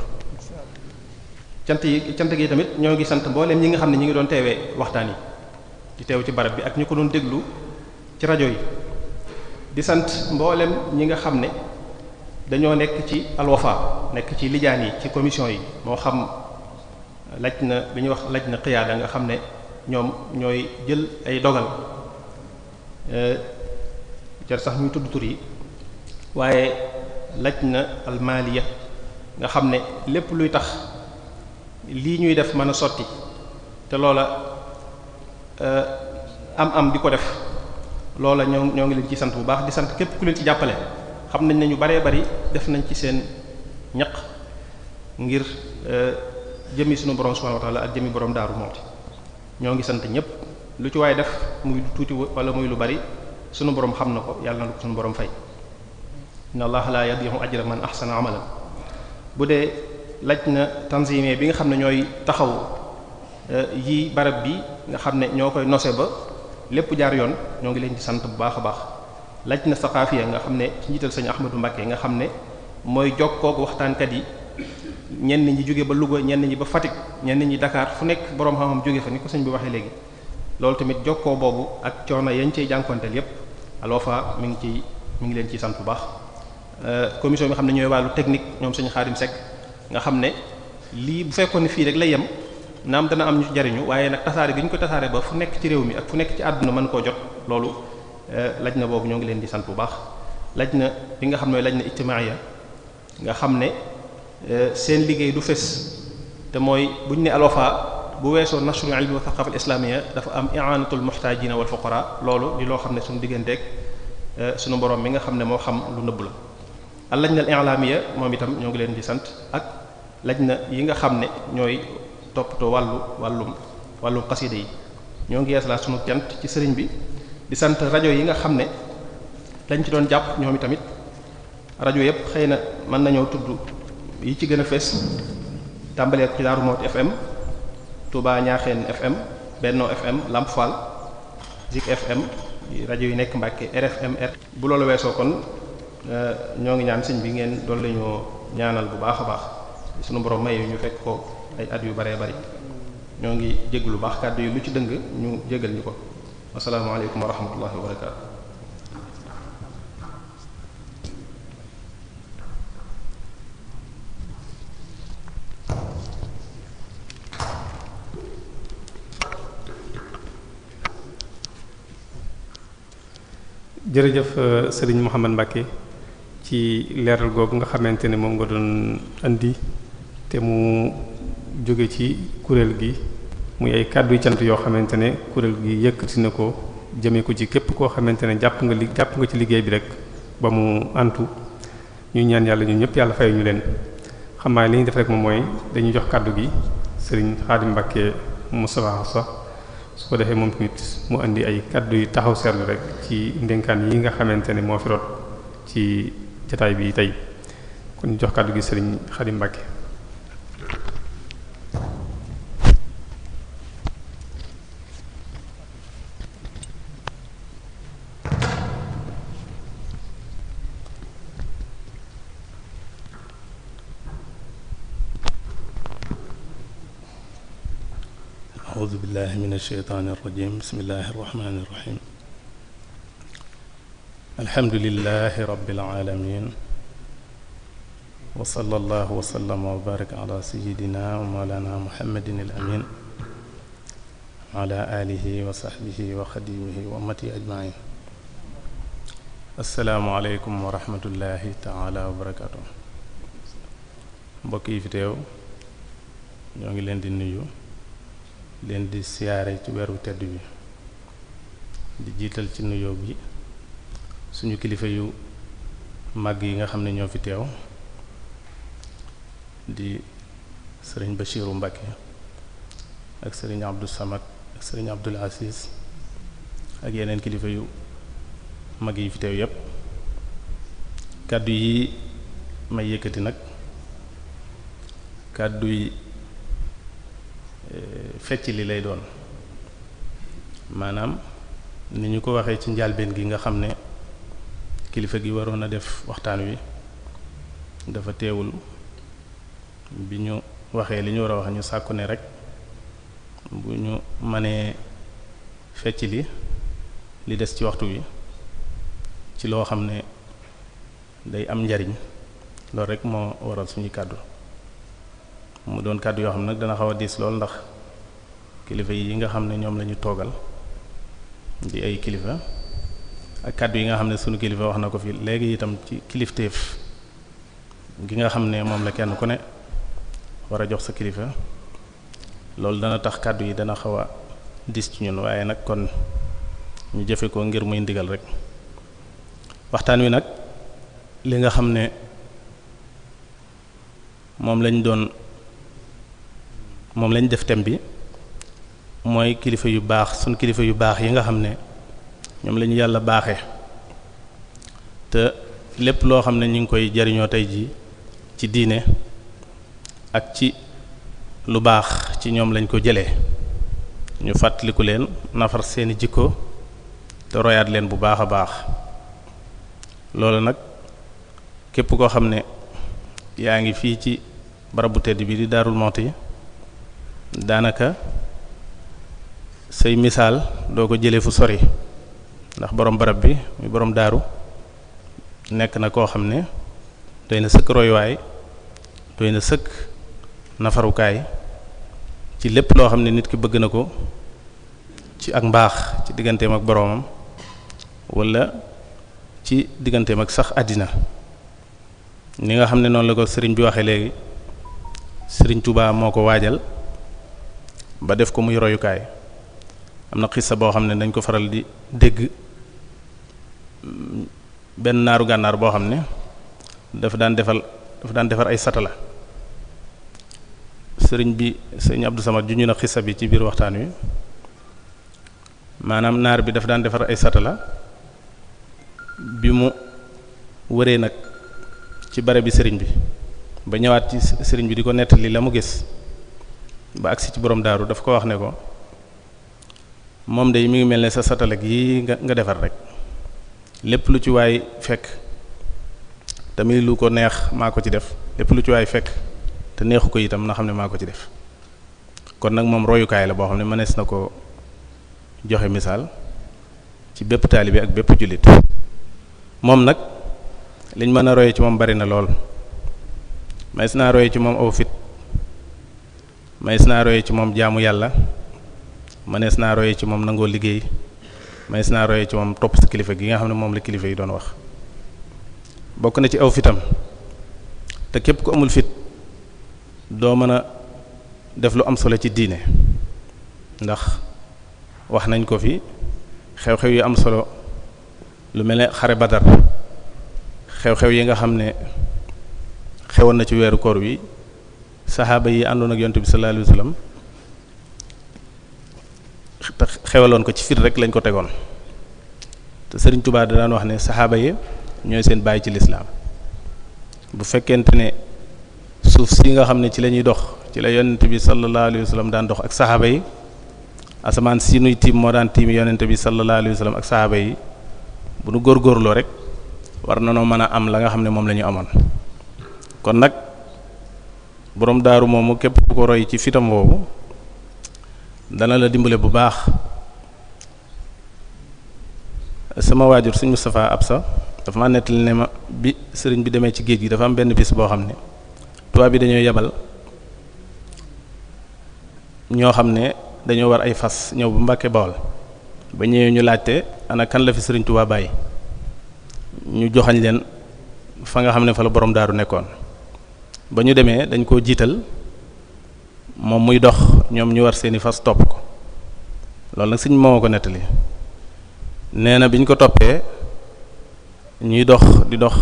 cant yi cant gi tamit ñoo ngi sant mbooleem ñi nga xam ne ñi ngi doon teewee waxtaan yi di teew ci barab bi ak ñu ko doon déglu ci rajo yi di sant mboolem ñi nga xam ne dañoo nekk ci alwafa nekk ci lijaan yi ci commission yi moo xam laj na bi ñuy wax laj na xiyaada nga xam ne ñoom ñooy jël ay dogal eh, jar sax ñuy tudd tur yi waaye laj na almaliya nga xam ne lépp luy tax lii ñuy def mën a sotti te loola eh, am am di ko def loola ñoo ñoo ngi leen ci sant bu baax di sant képp ku leen ci jàppale xam nañ ne ñu baree bari def nañ ci seen ñaq ngir euh, jëmmi sunu borom subhanahu ak jëmmi borom daaru moom ñoo ngi sant ñëpp lu ci waaye def muy tuuti wala muy lu bari sunu borom xam na ko yàlla na lu ko sunu borom fay inna allaha la yadi'u ajra man ahsana amalan bu dee laaj na tanzime bi nga xam ne ñooy taxaw euh, yi barab bi nga xam ne ñoo koy nose ba lépp jaar yoon ñoo ngi leen di sant bu baax a baax laj na saxaafiya nga xam ne ci njiital sëñ Ahmadou Mbacké nga xam ne mooy jokkoog waxtaankat yi ñenn ñi jóge ba Louga ñenn ñi ba Fatick ñenn ñi dakaar fu nekk borom xam jóge fa sëñ bi waxee léegi loolu tamit jokkoo boobu ak coono yañ cay jànkonteel yépp Alwafa mi ngi ciy mi ngi leen ciy sant bu baax euh, commission bi xam ne ñooy wàllu technique ñoom sëñ Xaadim Seck nga xam ne lii bu fekkoon ne fii rek lay yem naam dana am ñu jariñu waaye nag tasaare gi ñu ko tasaare ba fu nekk ci réew mi ak fu nekk ci àdduna mën koo jot loolu Eh, laj na boobu ñoo ngi leen di sant bu baax laj na bi nga xam ne laj na ijtimaaya nga xam ne eh, seen liggéey du fés te mooy bu ñu ne alofa bu weesoo nashrul ilmi wa thaqafa al islamiyya dafa am i'anatul muhtajina wal fuqara loolu di loo xam ne suñu digganteeg eh, suñu borom mi nga xam ne moo xam lu nëbb la al lajna al moom itam ñoo ngi leen di sant ak laj na yi nga xam ne ñooy toppatoo wàllu wàllum wàllum xasida yi ñoo ngi yees laa sunu cant ci sëriñ bi di sant rajo yi nga xam ne dañ ci doon jàpp ñoom itamit rajo yëpp xëy na mën nañoo tudd yi ci gën a fees tàmbalee ko ci Darou Moukhty FM Touba Ñaaxeen FM Benno FM Lamp Fall FM rajo yi nekk Mbàkke RFM R bu loolu weesoo kon euh, ñoo ngi ñaan siñ bi ngeen doon lañoo ñaanal bu baax a baax sunu borom yu ñu fekk ko ay at yu baree bari ñoo ngi jégg lu baax kàddu yi lu ci dëng ñu jégal ñu ko asalaamaaleykum wa rahmatullahi jërëjëf euh, sëriñ Mouhamed Mbacke ci leeral googu nga xamante ne moom nga doon andi te mu jóge ci kuréel gi. muy ay kàdduy cant yoo xamante ne kuréel gi yëkkati na ko jëme ko ci képp koo xamante ne jàpp nga li jàpp nga ci liggéey bi rek ba mu antu ñu ñaan yàlla ñun ñëpp yàlla fayu ñu leen xam naa li def rek moom mooy dañuy jox kàddu gi sëriñ Xaadim Mbàkke Moussa sax su ko defee moom tamit mu indi ay kàddu yu taxaw seetlu rek ci ndénkaan yi nga xamante ne moo fi rot ci jotaay bii tey kon jox kàddu gi sëriñ Xaadim Mbàkke billahi min alsheytaani irrajim bismillahi irrahmani irrahim alhamdulilahi rabbil alamin wa sallallahu wa sallama wa baraka ala sayidina wa mawlana muhammadin al amin wa ala alihi wa sahbihi wa xadimihi wa ummati ajmain assalaamu aleykum wa rahmatullahi taala wa barakatuh mbokk yi fi teew ñoo ngi leen di nuyu leen di siyaare ci weeru tedd bi di jiital ci nuyoo bi suñu kilifa yu màgg yi nga xam ne ñoo fi teew di sëriñ Bachiru Mbacke ak sëriñ Abdou Samad ak sëriñ Abdul Aziz ak yeneen kilifa yu mag yi fi teew yépp kàddu yi may yëkkati nag kàddu yi fecc li lay doon maanaam ni ñu ko waxee ci njàlbeen gi nga xam ne kilifa gi waroon a def waxtaan wi dafa teewul bi ñu waxee li ñu war a wax ñu sàkku ne rek bu ñu mënee fecc li li des ci waxtu wi ci loo xam ne day am njariñ loolu rek moo waral suñuy kàddu mu doon kàddu yoo xam ne nag dana xaw a diis lool ndax kilifa yi nga xam ne ñoom lañu ñu toogal di ay kilifa ak kàddu yi nga xam ne sunu kilifa wax na ko fii léegi itam ci kilifteef gi nga xam ne moom la kenn ku ne war a jox sa kilifa loolu dana tax kàddu yi dana xaw a diis ci ñun nag kon ñu jëfe ko ngir muy ndigal wi nag nga xam ne moom lañ doon moom lañ def thème bi mooy kilifa yu baax sunu kilifa yu baax yi nga xam ne ñoom lañu yàlla baaxe te lépp loo xam ne ñu ngi koy jariñoo tey ji ci diine ak ci lu baax ci ñoom lañ ko jëlee ñu fàttaliku leen nafar seeni jikko te royaat leen bu baax a baax loolu nag képp koo xam ne yaa ngi fii ci barabu tedd bi di Darou Moukhty daanaka say misaal doo ko jëlee fu sori ndax borom barab bi muy borom daaru nekk na koo xam ne doy na sëkk royuwaay doy na sëkk nafarukaay ci lépp loo xam ne nit ki bëgg na ko ci ak mbaax ci digganteem ak boroomam wala ci digganteem ak sax àddina ni nga xam ne noonu la ko sëriñ bi waxee léegi sëriñ Touba moo ko waajal ba def ko muy royukaay am na xissa boo xam ne dañ ko faral di dégg benn naaru gànnaar boo xam ne dafa daan defal dafa daan defar ay satala sëriñ bi sëriñ Abdou Samad ju ñu na xissa bi ci biir waxtaan wi maanaam naar bi dafa daan defar ay satala bi mu wëree nag ci bare bi sëriñ bi ba ñëwaat ci sëriñ bi di ko nettali la mu gis ba agsi ci borom daaru daf ko wax ne ko moom day mi ngi mel ne sa sataleek yi nga nga defar rek lépp lu ci waay fekk te muy lu ko neex maa ko ci def lépp lu ci waay fekk te neexu ko itam na xam ne maa ko ci def kon nag moom royukaay la boo xam ne mënees na ko joxe misaal ci bépp taalibe ak bépp jullit moom nag liñ mën a roye ci moom bari na lool mënees naa roye ci moom aw fit mays naa roye ci moom jaamu yàlla manees naa roye ci moom nangoo liggéey manees naa roye ci moom topp sa kilifa gi nga xam ne moom la kilifa yi doon wax bokk na ci aw fitam te képp ku amul fit doo mën a def lu am solo ci diine ndax wax nañ ko fi xew-xew yu am solo lu mel ne xare badar xew-xew yi nga xam ne xewoon na ci weeru koor wi saxaaba yi àndoon ak yonent bi sallallahu alayhi wasallam te xewaloon ko ci fit rek lañ ko tegoon te Serigne Touba da daan wax ne saxaaba yi ñooy seen bàyyi ci lislaam bu fekkente ne suuf si nga xam ne ci la ñuy dox ci la yonent bi sallallahu alayhi wasallam daan dox ak saxaaba yi asamaan si nuy tiim moo daan tiim yonent bi sallallahu alayhi wasallam ak saxaaba yi bu nu góorgóorloo rek war na noo mën a am la nga xam ne moom la amoon kon nag. borom daaru moomu képp ku ko roy ci fitam woowu dana la dimbale bu baax sama waajur sëñ Moustapha Absa dafa ma nettali ne ma bi sëriñ bi demee ci géej gi dafa am benn bis boo xam ne tubaab bi dañoo yebal ñoo xam ne dañoo war ay fas ñëw bu Mbàkke Bawol ba ñëwee ñu laajte ana kan la fi sëriñ Tuubaa bàyyi ñu joxañ leen fa nga xam ne fa la boroom daaru nekkoon ba ñu demee dañ koo jiital moom muy dox ñoom ñu war seeni fas topp ko loolu nag sëñ moo ko nettali nee na bi ñu ko toppee ñuy dox di dox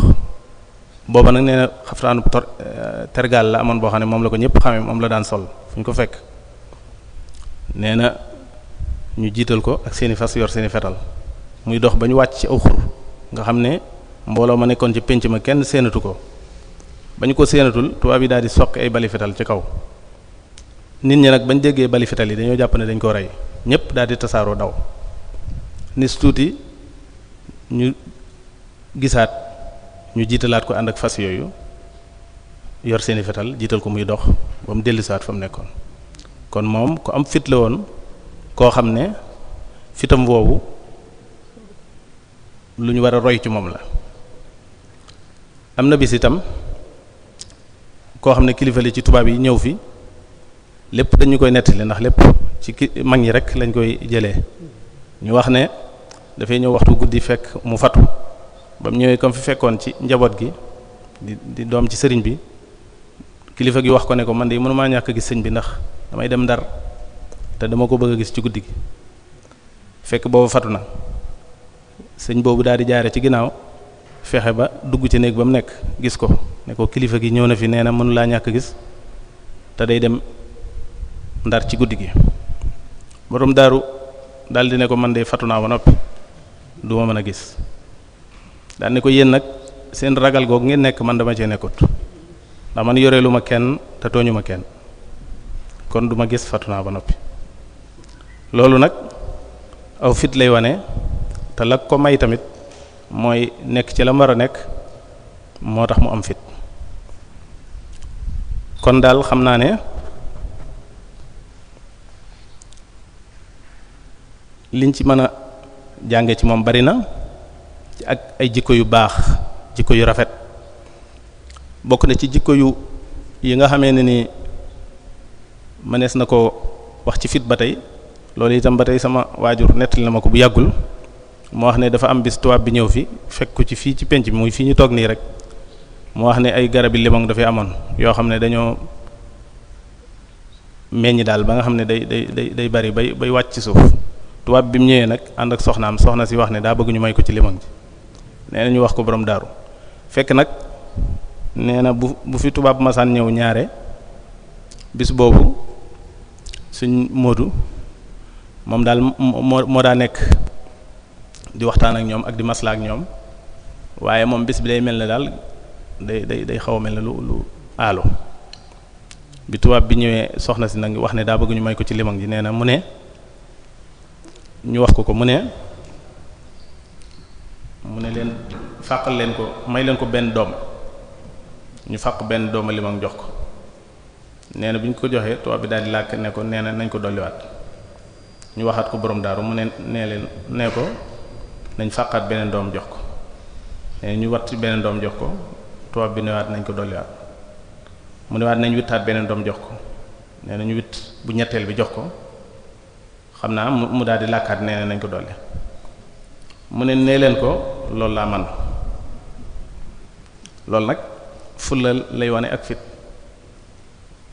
booba nag nee na xaftaanu tor eh, tergaal la amoon boo xam ne moom la ko ñëpp xamee moom la daan sol fu ñu ko fekk nee na ñu jiital ko ak seeni fas yor seeni fetal muy dox ba ñu wàcc ci aw xur nga xam ne mbooloo ma nekkoon ci pénc ma kenn séenatu ko bañ ko séenatul tubaab yi daal di soqi ay bali ci kaw nit ñi nag bañ déggee bali yi dañoo jàpp ne dañ ko rey ñépp daal di tasaaroo daw nis tuuti ñu gisaat ñu jiitalaat ko ànd ak fas yooyu yor seeni fetal jiital ko muy dox ba mu dellusaat fa mu nekkoon kon moom ku am fit la woon koo xam ne fitam woowu lu ñu war a roy ci moom la am na bis itam koo xam ne kilifa la ci tubaab yi ñëw fi lépp dañu koy nettali ndax lépp ci ki mag ñi rek lañ koy jëlee ñu wax ne dafay ñëw waxtu guddi fekk mu fatu ba mu ñëwee comme fi fekkoon ci njaboot gi di di doom ci sëriñ bi kilifa gi wax ko ne ko man de mënumaa ñàkk gis sëñ bi ndax damay dem ndar te dama ko bëgg a gis ci guddi gi fekk boobu fatu na sëñ boobu daal di jaare ci ginnaaw. fexe ba dugg ci néeg ba mu nekk gis ko ne ko kilifa gi ñëw na fi nee na mënu ñàkk gis te day dem ndar ci guddi gi boroom daaru daldi ne ko man de fatu naa ba noppi du ma mën a gis daal ko yéen nag seen ragal googu ngeen nekk man dama cee nekkut ndax man yoreelu ma kenn te tooñu kenn kon duma gis fatu naa ba noppi loolu nag aw fit lay wane te la ko may tamit mooy nekk ci la mar a nekk moo tax mu am fit kon daal xam naa ne liñ ci mën a jànge ci moom bari na ci ak ay jikko yu baax jikko yu rafet bokk na ci jikko yu yi nga xamee ne ni mënees na ko wax ci fit ba tey loolu itam ba tey sama waajur nettali na ma ko bu yàggul moo wax ne dafa am bis tubaab bi ñëw fi fekk ko ci fii ci penc bi muy fii ñu toog nii rek moo wax ne ay garabi limoŋ dafay amoon yoo xam ne dañoo meññ daal ba nga xam ne day day day day bari bay bay wàcc ci suuf tubaab bi mu ñëwee nag ànd ak soxna am soxna si wax ne daa bëgg ñu may ko ci limoŋ ji nee na wax ko borom daaru fekk nag nee na bu bu fi tubaab masaan ñëw ñaare bis boobu suñ moodu moom daal moo moo daa nekk di waxtaan ak ñoom ak di maslaa ak ñoom waaye moom bis bi day mel na daal day day day xaw a mel na lu lu aalo bi tubaab bi ñëwee soxna si nag wax ne daa bëgg ñu may ko ci limon ji nee na mu ne ñu wax ko ko mu ne mu ne leen fàqal leen ko may leen ko benn doom ñu fàq benn dooma limon jox ko nee na bi ñu ko joxee tubaab bi daal làkk ne ko nee na nañ ko dolliwaat ñu waxaat ko boroom daaru mu ne nee leen ne ko nañ fàqaat beneen doom jox ko nee ñu wat beneen doom jox ko tubaab bi newaat nañ ko dolliwaat mu newaat nañ wittaat beneen doom jox ko nee nañu witt bu ñetteel bi jox ko xam naa mu daal di làkkaat nee nañ ko dolli mu ne nee leen ko loolu laa man loolu nag fulla lay wane ak fit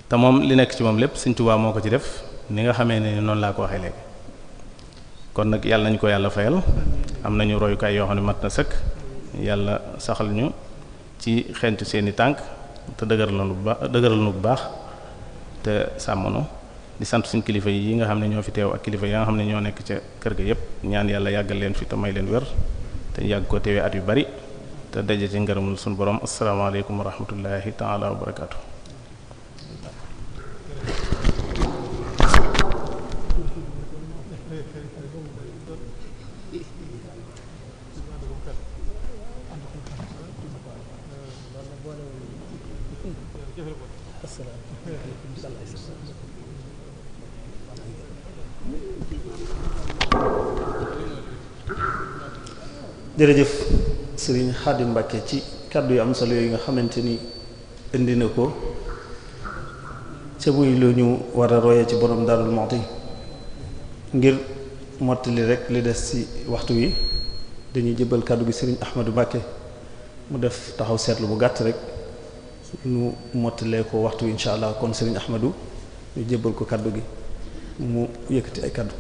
te moom li nekk ci moom lépp Sëriñ waa moo ko ci def ni nga xamee ne noonu laa ko waxee léegi kon nag yàlla nañu ko yàlla fayal am na ñu royukaay yoo xam ne mat na sëkk yàlla saxal ñu ci xentu seeni tànk te dëgëral na lu baax bu baax te sàmmono di sant suñ kilifa yi nga xam ne ñoo fi teew ak kilifa yi nga xam ne ñoo nekk ca kër ga yépp ñaan yàlla yàggal leen fi te may leen wér te yàgg ko teewee at yu bari te daje ci ngërëmul suñu borom asalaamaaleykum wa rahmatullahi taala wa barakaatu. jërëjëf sëriñ Xaadim Mbàkke ci kàddu yu am solo yooyu nga xamante ni indi na ko ca muy lu ñu war a royee ci boroom Darou Moukhty ngir mottali rek li des ci waxtu wi dañuy jëbal kàddu gi sëriñ Ahmadou Mbàkke mu def taxaw seetlu bu gàtt rek ñu mottalee ko waxtu wi incha allah kon sëriñ Ahmadou ñu jëbal ko kàddu gi mu yëkkati ay kàddu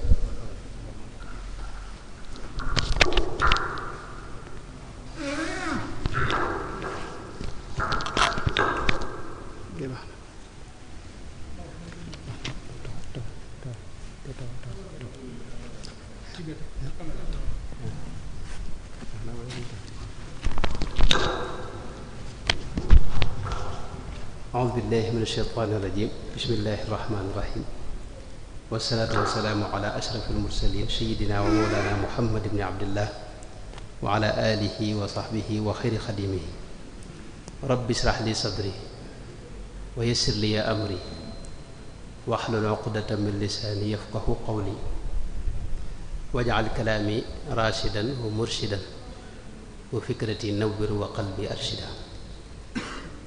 aoudu billahi min asheytaani irajim bismillahi irrahmani irrahim wasalaatu wasalaamu ala ashraf almursalin sayidina wa mawlana muhammad ibni abdillah wa ala alihi wa sahbihi wa xayri xadimihi rabbi israh li sadri wa yassir li amri wahlul uqdatan min lisaani yafqahu qawli waj'al kalaami raashidan wa murshidan wa fikrati nawwir wa qalbi arshida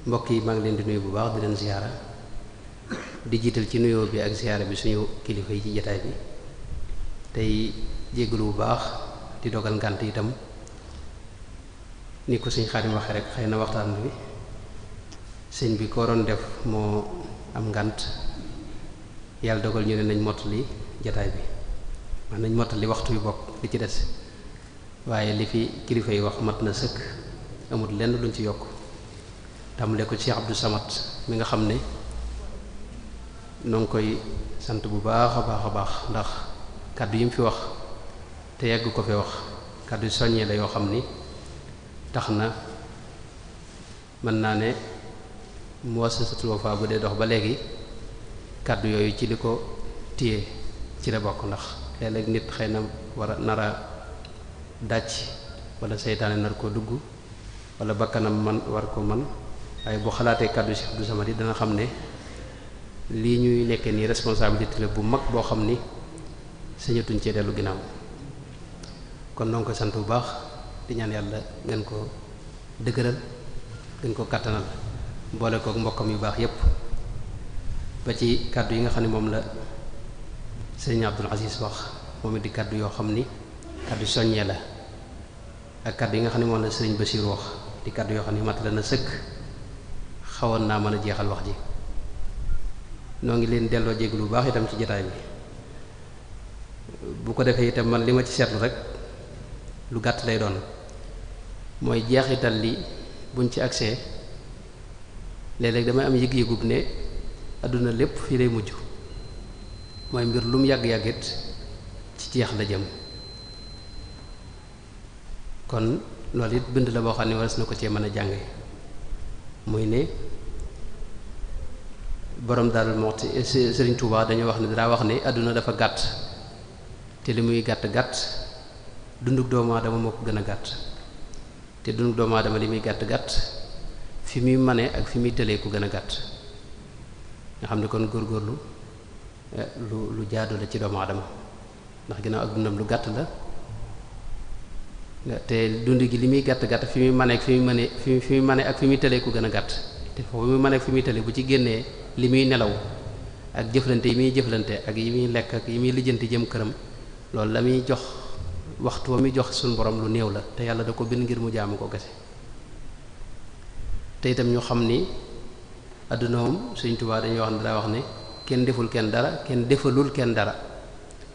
mbokk yi maa ngi leen di nuyu bu baax di leen ziyaara di jiital ci nuyoo bi ak ziyaara bi suñu kilifa yi ci jataay bi tey jéggalu bu baax di dogal ngànt itam ni ko sëñ Xaadim waxe rek xëy na waxtaan bi sëñ bi koo def moo am ngant yàlla dogal ñu ne nañ mottali jataay bi man nañ li waxtu yu bokk li ci des waaye li fi kilifa yi wax mat na sëkk amul lenn luñ ci yokk de ko Cheikh Abdou Samad mi nga xam ne noo ngi koy sant bu baax a baax a baax ndax kàddu yi mu fi wax te yegg ko fi wax kàddu soññee la yoo xam ni tax na mën naa ne muassasatul Wafa bu dee dox ba léegi kàddu yooyu ci li ko tiye ci la bokk ndax léeg-léeg nit xëy na war a nar dàcc wala seytaane nar koo dugg wala bakkanam man war ko man waaye bu xalaatee kàddu Cheikh Abdou xam ne lii ñuy nekke nii responsabilité la bu mag boo xam ni sañatuñ cee dellu ginnaaw kon noo sant bu baax di ñaan yàlla ngeen ko dëgëral ngeen ko kattanal boole kook mbokkam yu baax yépp ba ci kàddu yi nga xam ne moom la sëriñ Abdul Aziz wax moom it di kàddu yoo xam ni kaddu soññee la ak kaddu yi nga xam ne moom la sëriñ Basiir wax di kaddu yoo xam ne mat la na sëkk xawoon naa mën a jeexal wax ji noo ngi leen delloo jéglu bu baax itam ci jotaay bu ko defee itam man li ma ci seetlu rek lu gàtt lay doon mooy jeexital li buñ ci accès léeg-léeg damay am yëg-yëgub ne àdduna lépp fii lay mujj mooy mbir lu mu yàgg-yàgg ci jeex la jëm kon loolu it bind la boo xam ne waras na ko cee mën a jànge muy ne borom Daaru Muxti Sëriñ Tuubaa dañu wax ne daa wax ne àdduna dafa gàtt te li muy gàtt gàtt dunduk doomu aadama moo ko gën a gàtt te dunduk doomu aadama li muy gàtt gàtt fi muy mane ak fi muy tëlee ku gën a gàtt nga xam ne kon góorgóorlu Eh, lu lu jaadu la ci doomu aadama ndax ginnaaw ak dundam lu gàtt la eh, te dund gi li muy gàtt gàtt fi muy mane ak fi muy mane fi ak fi muy tëlee ku gën a gàtt te foofu muy mane ak fi muy tëlee bu ci génnee li muy nelaw ak jëflante yi muy jëflante ak yi muy lekk ak yi muy lijjanti jëm këram loolu la muy jox waxtu muy jox suñu borom lu néew la te yàlla da ko bind ngir mu jaamu ko gese te itam ñu xam ni àdduna moom Sëriñ Tuubaa dañuy xam ne daa wax ne kenn deful kenn dara kenn defalul kenn dara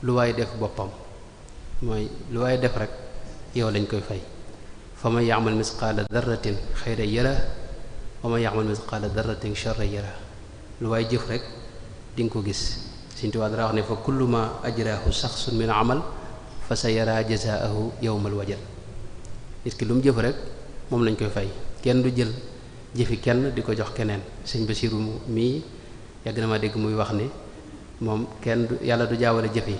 lu waay def boppam mooy lu waaye def rek yow lañ koy fay fa man ya'mal misqaala darratin xayran yarah wa man ya'mal misqaala darratin sharran yarah lu waay jëf rek di ko gis Sëriñ Tuubaa dara wax ne fa kullu ma ajrahu shakhsun min amal wajal nit ki lu mu jëf rek moom lañ koy fay kenn du jël jëfi kenn di ko jox keneen Sëriñ Basiiru mii yàgg na ma dégg muy wax ni moom kenn du yàlla du jaawale jëf yi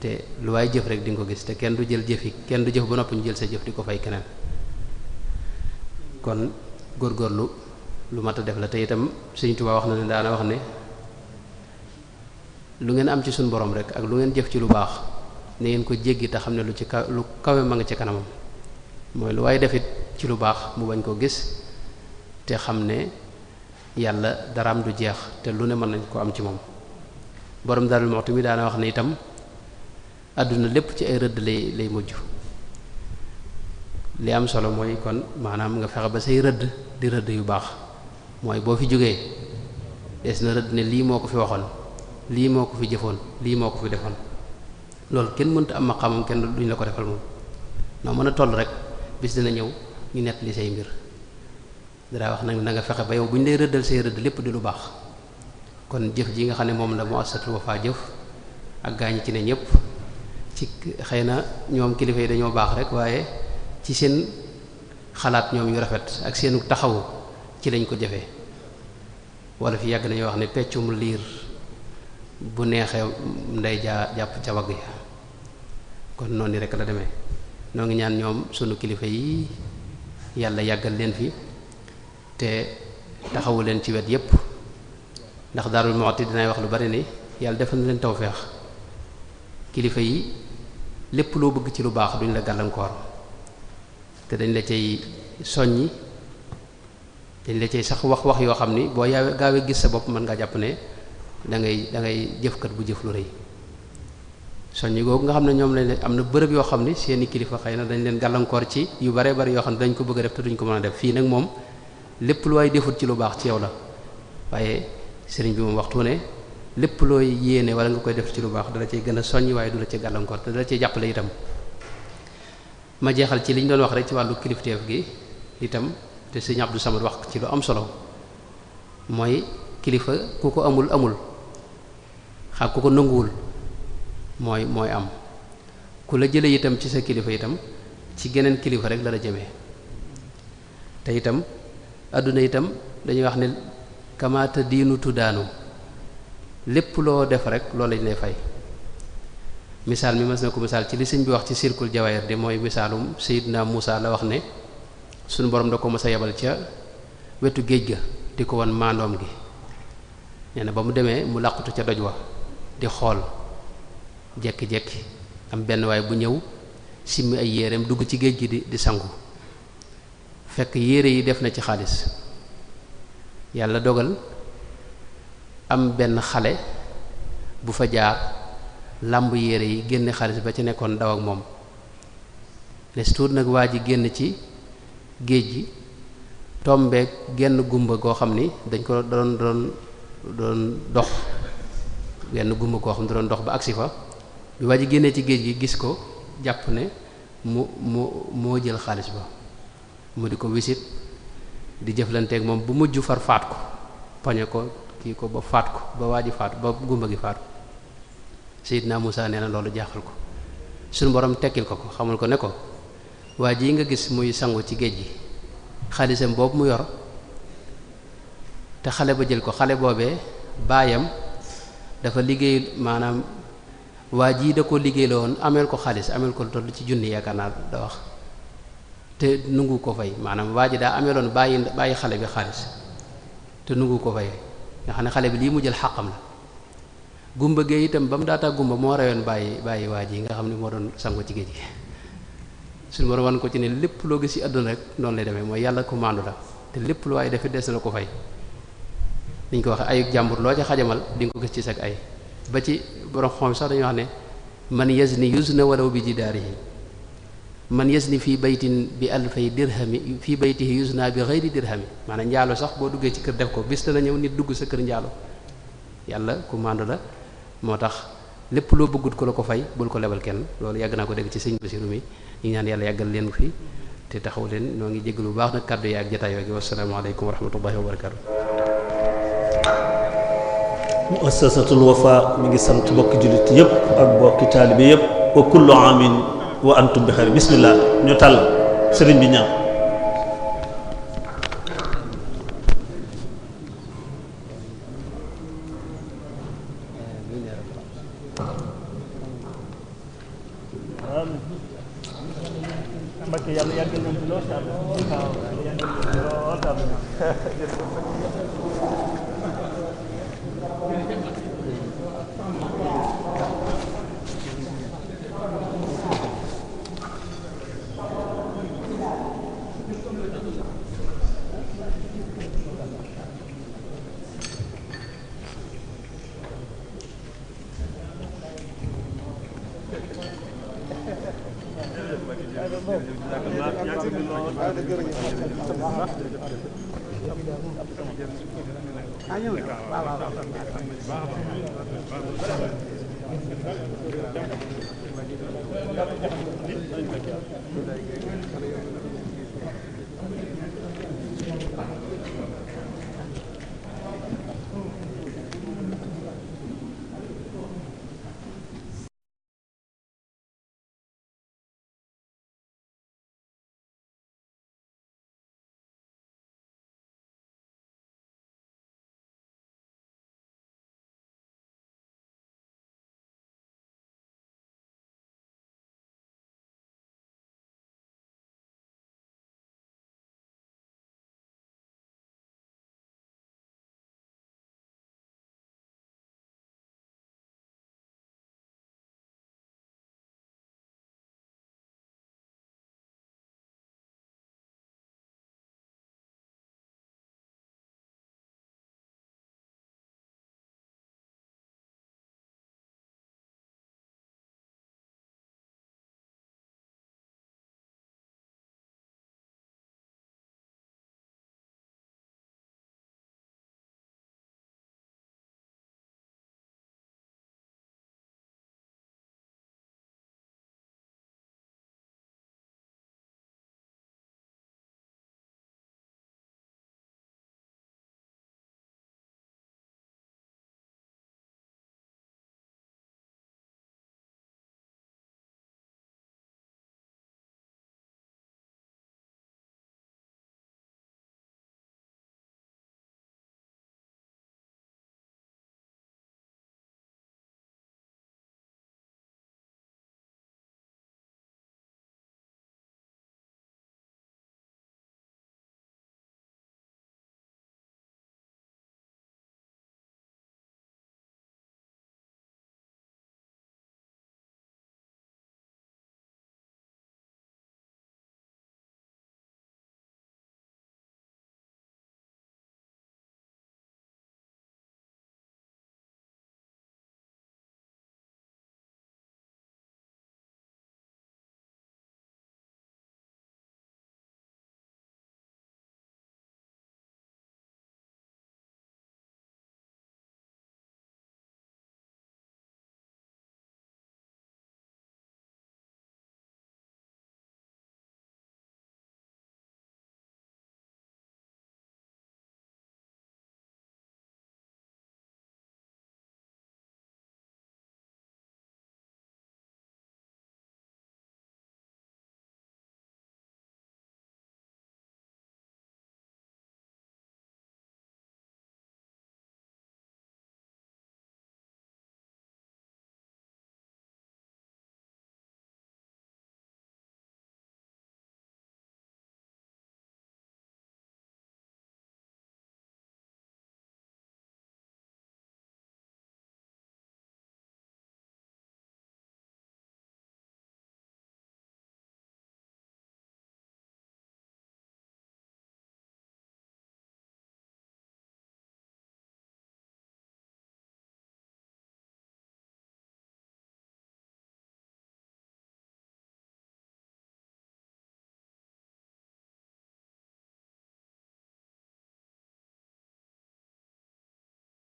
te lu waay jëf rek di ko gis te kenn du jël jëf yi kenn du jëf ba noppi ñu jël sa jëf di ko fay keneen kon góorgóorlu lu mat a def la te itam Sëriñ Tuubaa wax na ne daana wax ne lu ngeen am ci suñu borom rek ak lu ngeen jëf ci lu baax ne ngeen ko jéggi te xam ne lu ci ka lu ngi ci kanamam mooy lu waay defit ci lu baax mu bañ koo gis te xam ne yàlla am du jeex te lu ne mën nañ ko am ci moom boroom Darou Moukhty mi daana wax ne itam àdduna lépp ci ay rëdd lay lay mujj li am solo mooy kon maanaam nga fexe ba say rëdd di rëdd yu baax mooy boo fi jógee des na rëdd ne lii moo ko fi waxoon lii moo ko fi jëfoon lii moo ko fi defoon loolu kenn mënta am ma maqaamam kenn duñ la ko defal moom noo mën a toll rek bis dina ñëw ñu nett li say mbir dara wax nag na nga fexe ba yow bu ñu lay rëddal say rëdd lépp di lu baax kon jëf ji nga xam ne moom la mu assatul Wafa jëf ak gaañi ci ne ñëpp ci xëy na ñoom kilifa yi dañoo baax rek waaye ci seen xalaat ñoom yu rafet ak seenu taxawu ci lañ ko jëfee wala fi yàgg nañu wax ne peccum liir bu neexee ndey jaa jàpp ca wagg ya kon noonu rekk la demee noo ngi ñaan ñoom sunu kilifa yi yàlla yàggal leen fi te taxawu leen ci wet yépp ndax Darou yi dinay wax lu bari ni yàlla defal na leen tawféex kilifa yi lépp loo bëgg ci lu baax duñ la gàllankoor te dañ la cay soññi dañ la cay sax wax wax yoo xam ni boo yaawee gaawee gis sa bopp mën nga jàpp ne da ngay da ngay jëfkat bu jëf lu rëy soññi googu nga xam ne ñoom lañ leen am na bërëb yoo xam ni seeni kilifa xëy na dañ leen gàllankoor ci yu bare bari yoo xam ne dañ ko bëgg a def te duñ ko mën def fii nag moom. lépp lu waay defut ci lu baax ci yow la waaye sëriñ bi moom waxtu ne lépp looy yéene walla nga koy def ci lu baax dala cay gën a soññ waaye du la ci gàllankoor te dala cay jàppale itam ma jeexal ci li ñu doon wax rek ci wàllu kilifteef gi itam te sëriñ Abdou Samad wax ci lu am solo mooy kilifa ku ko amul amul xaa ku ko nanguwul mooy mooy am ku la jëlee itam ci sa kilifa itam ci geneen kilifa rek la la jëmee te itam àdduna itam dañuy wax ne kamata diinu daanu lépp loo def rek loolu lañ lay fay misaal mi mas na ko misaal ci li sëñ bi wax ci sirkul jawaayir di mooy misaalum Seydina Muusa la wax ne sunu borom da ko mës yebal ca wetu géej ga di ko wan maandoom gi nee na ba mu demee mu làqutu ca doj wa di xool jekki-jekki am benn waay bu ñëw simmi ay yéreem dugg ci géej gi di di sangu fekk yére yi def na ci xaalis yàlla dogal am benn xale bu fa jaar làmb yére yi génne xaalis ba ci nekkoon daw ak moom les tuut nag waa ji génn ci géej gi tombeek genn gumba goo xam ni dañ ko doon doon doon dox genn gumba goo xam ne doon dox ba agsi fa bi waa ji génnee ci géej gi gis ko jàpp ne mu mu moo jël xaalis ba mu di ko wisit di jëflanteeg moom bu mujj far faat ko pañe ko kii ko ba faat ko ba waa ji faat ba gumba gi faat ko Seydina Musaa nee na loolu jaaxal ko suñu borom tekkil ko ko xamul ko ne ko waa ji nga gis muy sangu ci géej gi xaalisam boobu mu yor te xale ba jël ko xale boobee baayam dafa liggéey maanaam waa jii da ko liggéey la woon ameel ko xaalis ameel ko lu ci junni yaakaar naa da wax te nungu ko fay maanaam waa ji daa ameeloon bàyyi bàyyi xale bi xaalis te nungu ko fay nga xam ne xale bi lii mu jël xàqam la gumba géey itam ba mu daataa gumba moo reyoon bàyyi bàyyi waa ji nga xam ne moo doon sangu ci géej gi suñu borom wan ko ci ne lépp loo gis ci àdduna rek noonu lay demee mooy yàlla ku maandu la te lépp lu waaye def des na ko fay dañ ko wax ayuk jàmbur loo ci xajamal di nga ko gis ci sag ay ba ci borom xom sax dañu wax ne man yazni yuzna walaw bi jidaarihi man yasni fii baytin bi alfay dirhami fii baytihi yusna bi xeyri dirhami maanaam njaalo sax boo duggee ci kër def ko bis dana ñëw nit dugg sa kër njaalo yàlla ku màndu la moo tax lépp loo bëggut ko la ko fay bul ko lebal kenn loolu yàgg naa ko dégg ci sëñ Basiru mi ñu ngi ñaan yàlla yàggal leen ko fii te taxaw leen ñoo ngi jégalu bu baax na kàddu yi ak jotaay yooyu wasalaamaaleykum wa rahmatullahi wa barakaatu. muassasatul wafa mi ngi sant bokki jullit yëpp ak bokki taalibe yëpp wa kullu aamin wa antum bi xayr bismillah ñu tàll sëriñ bi ñaan yàlla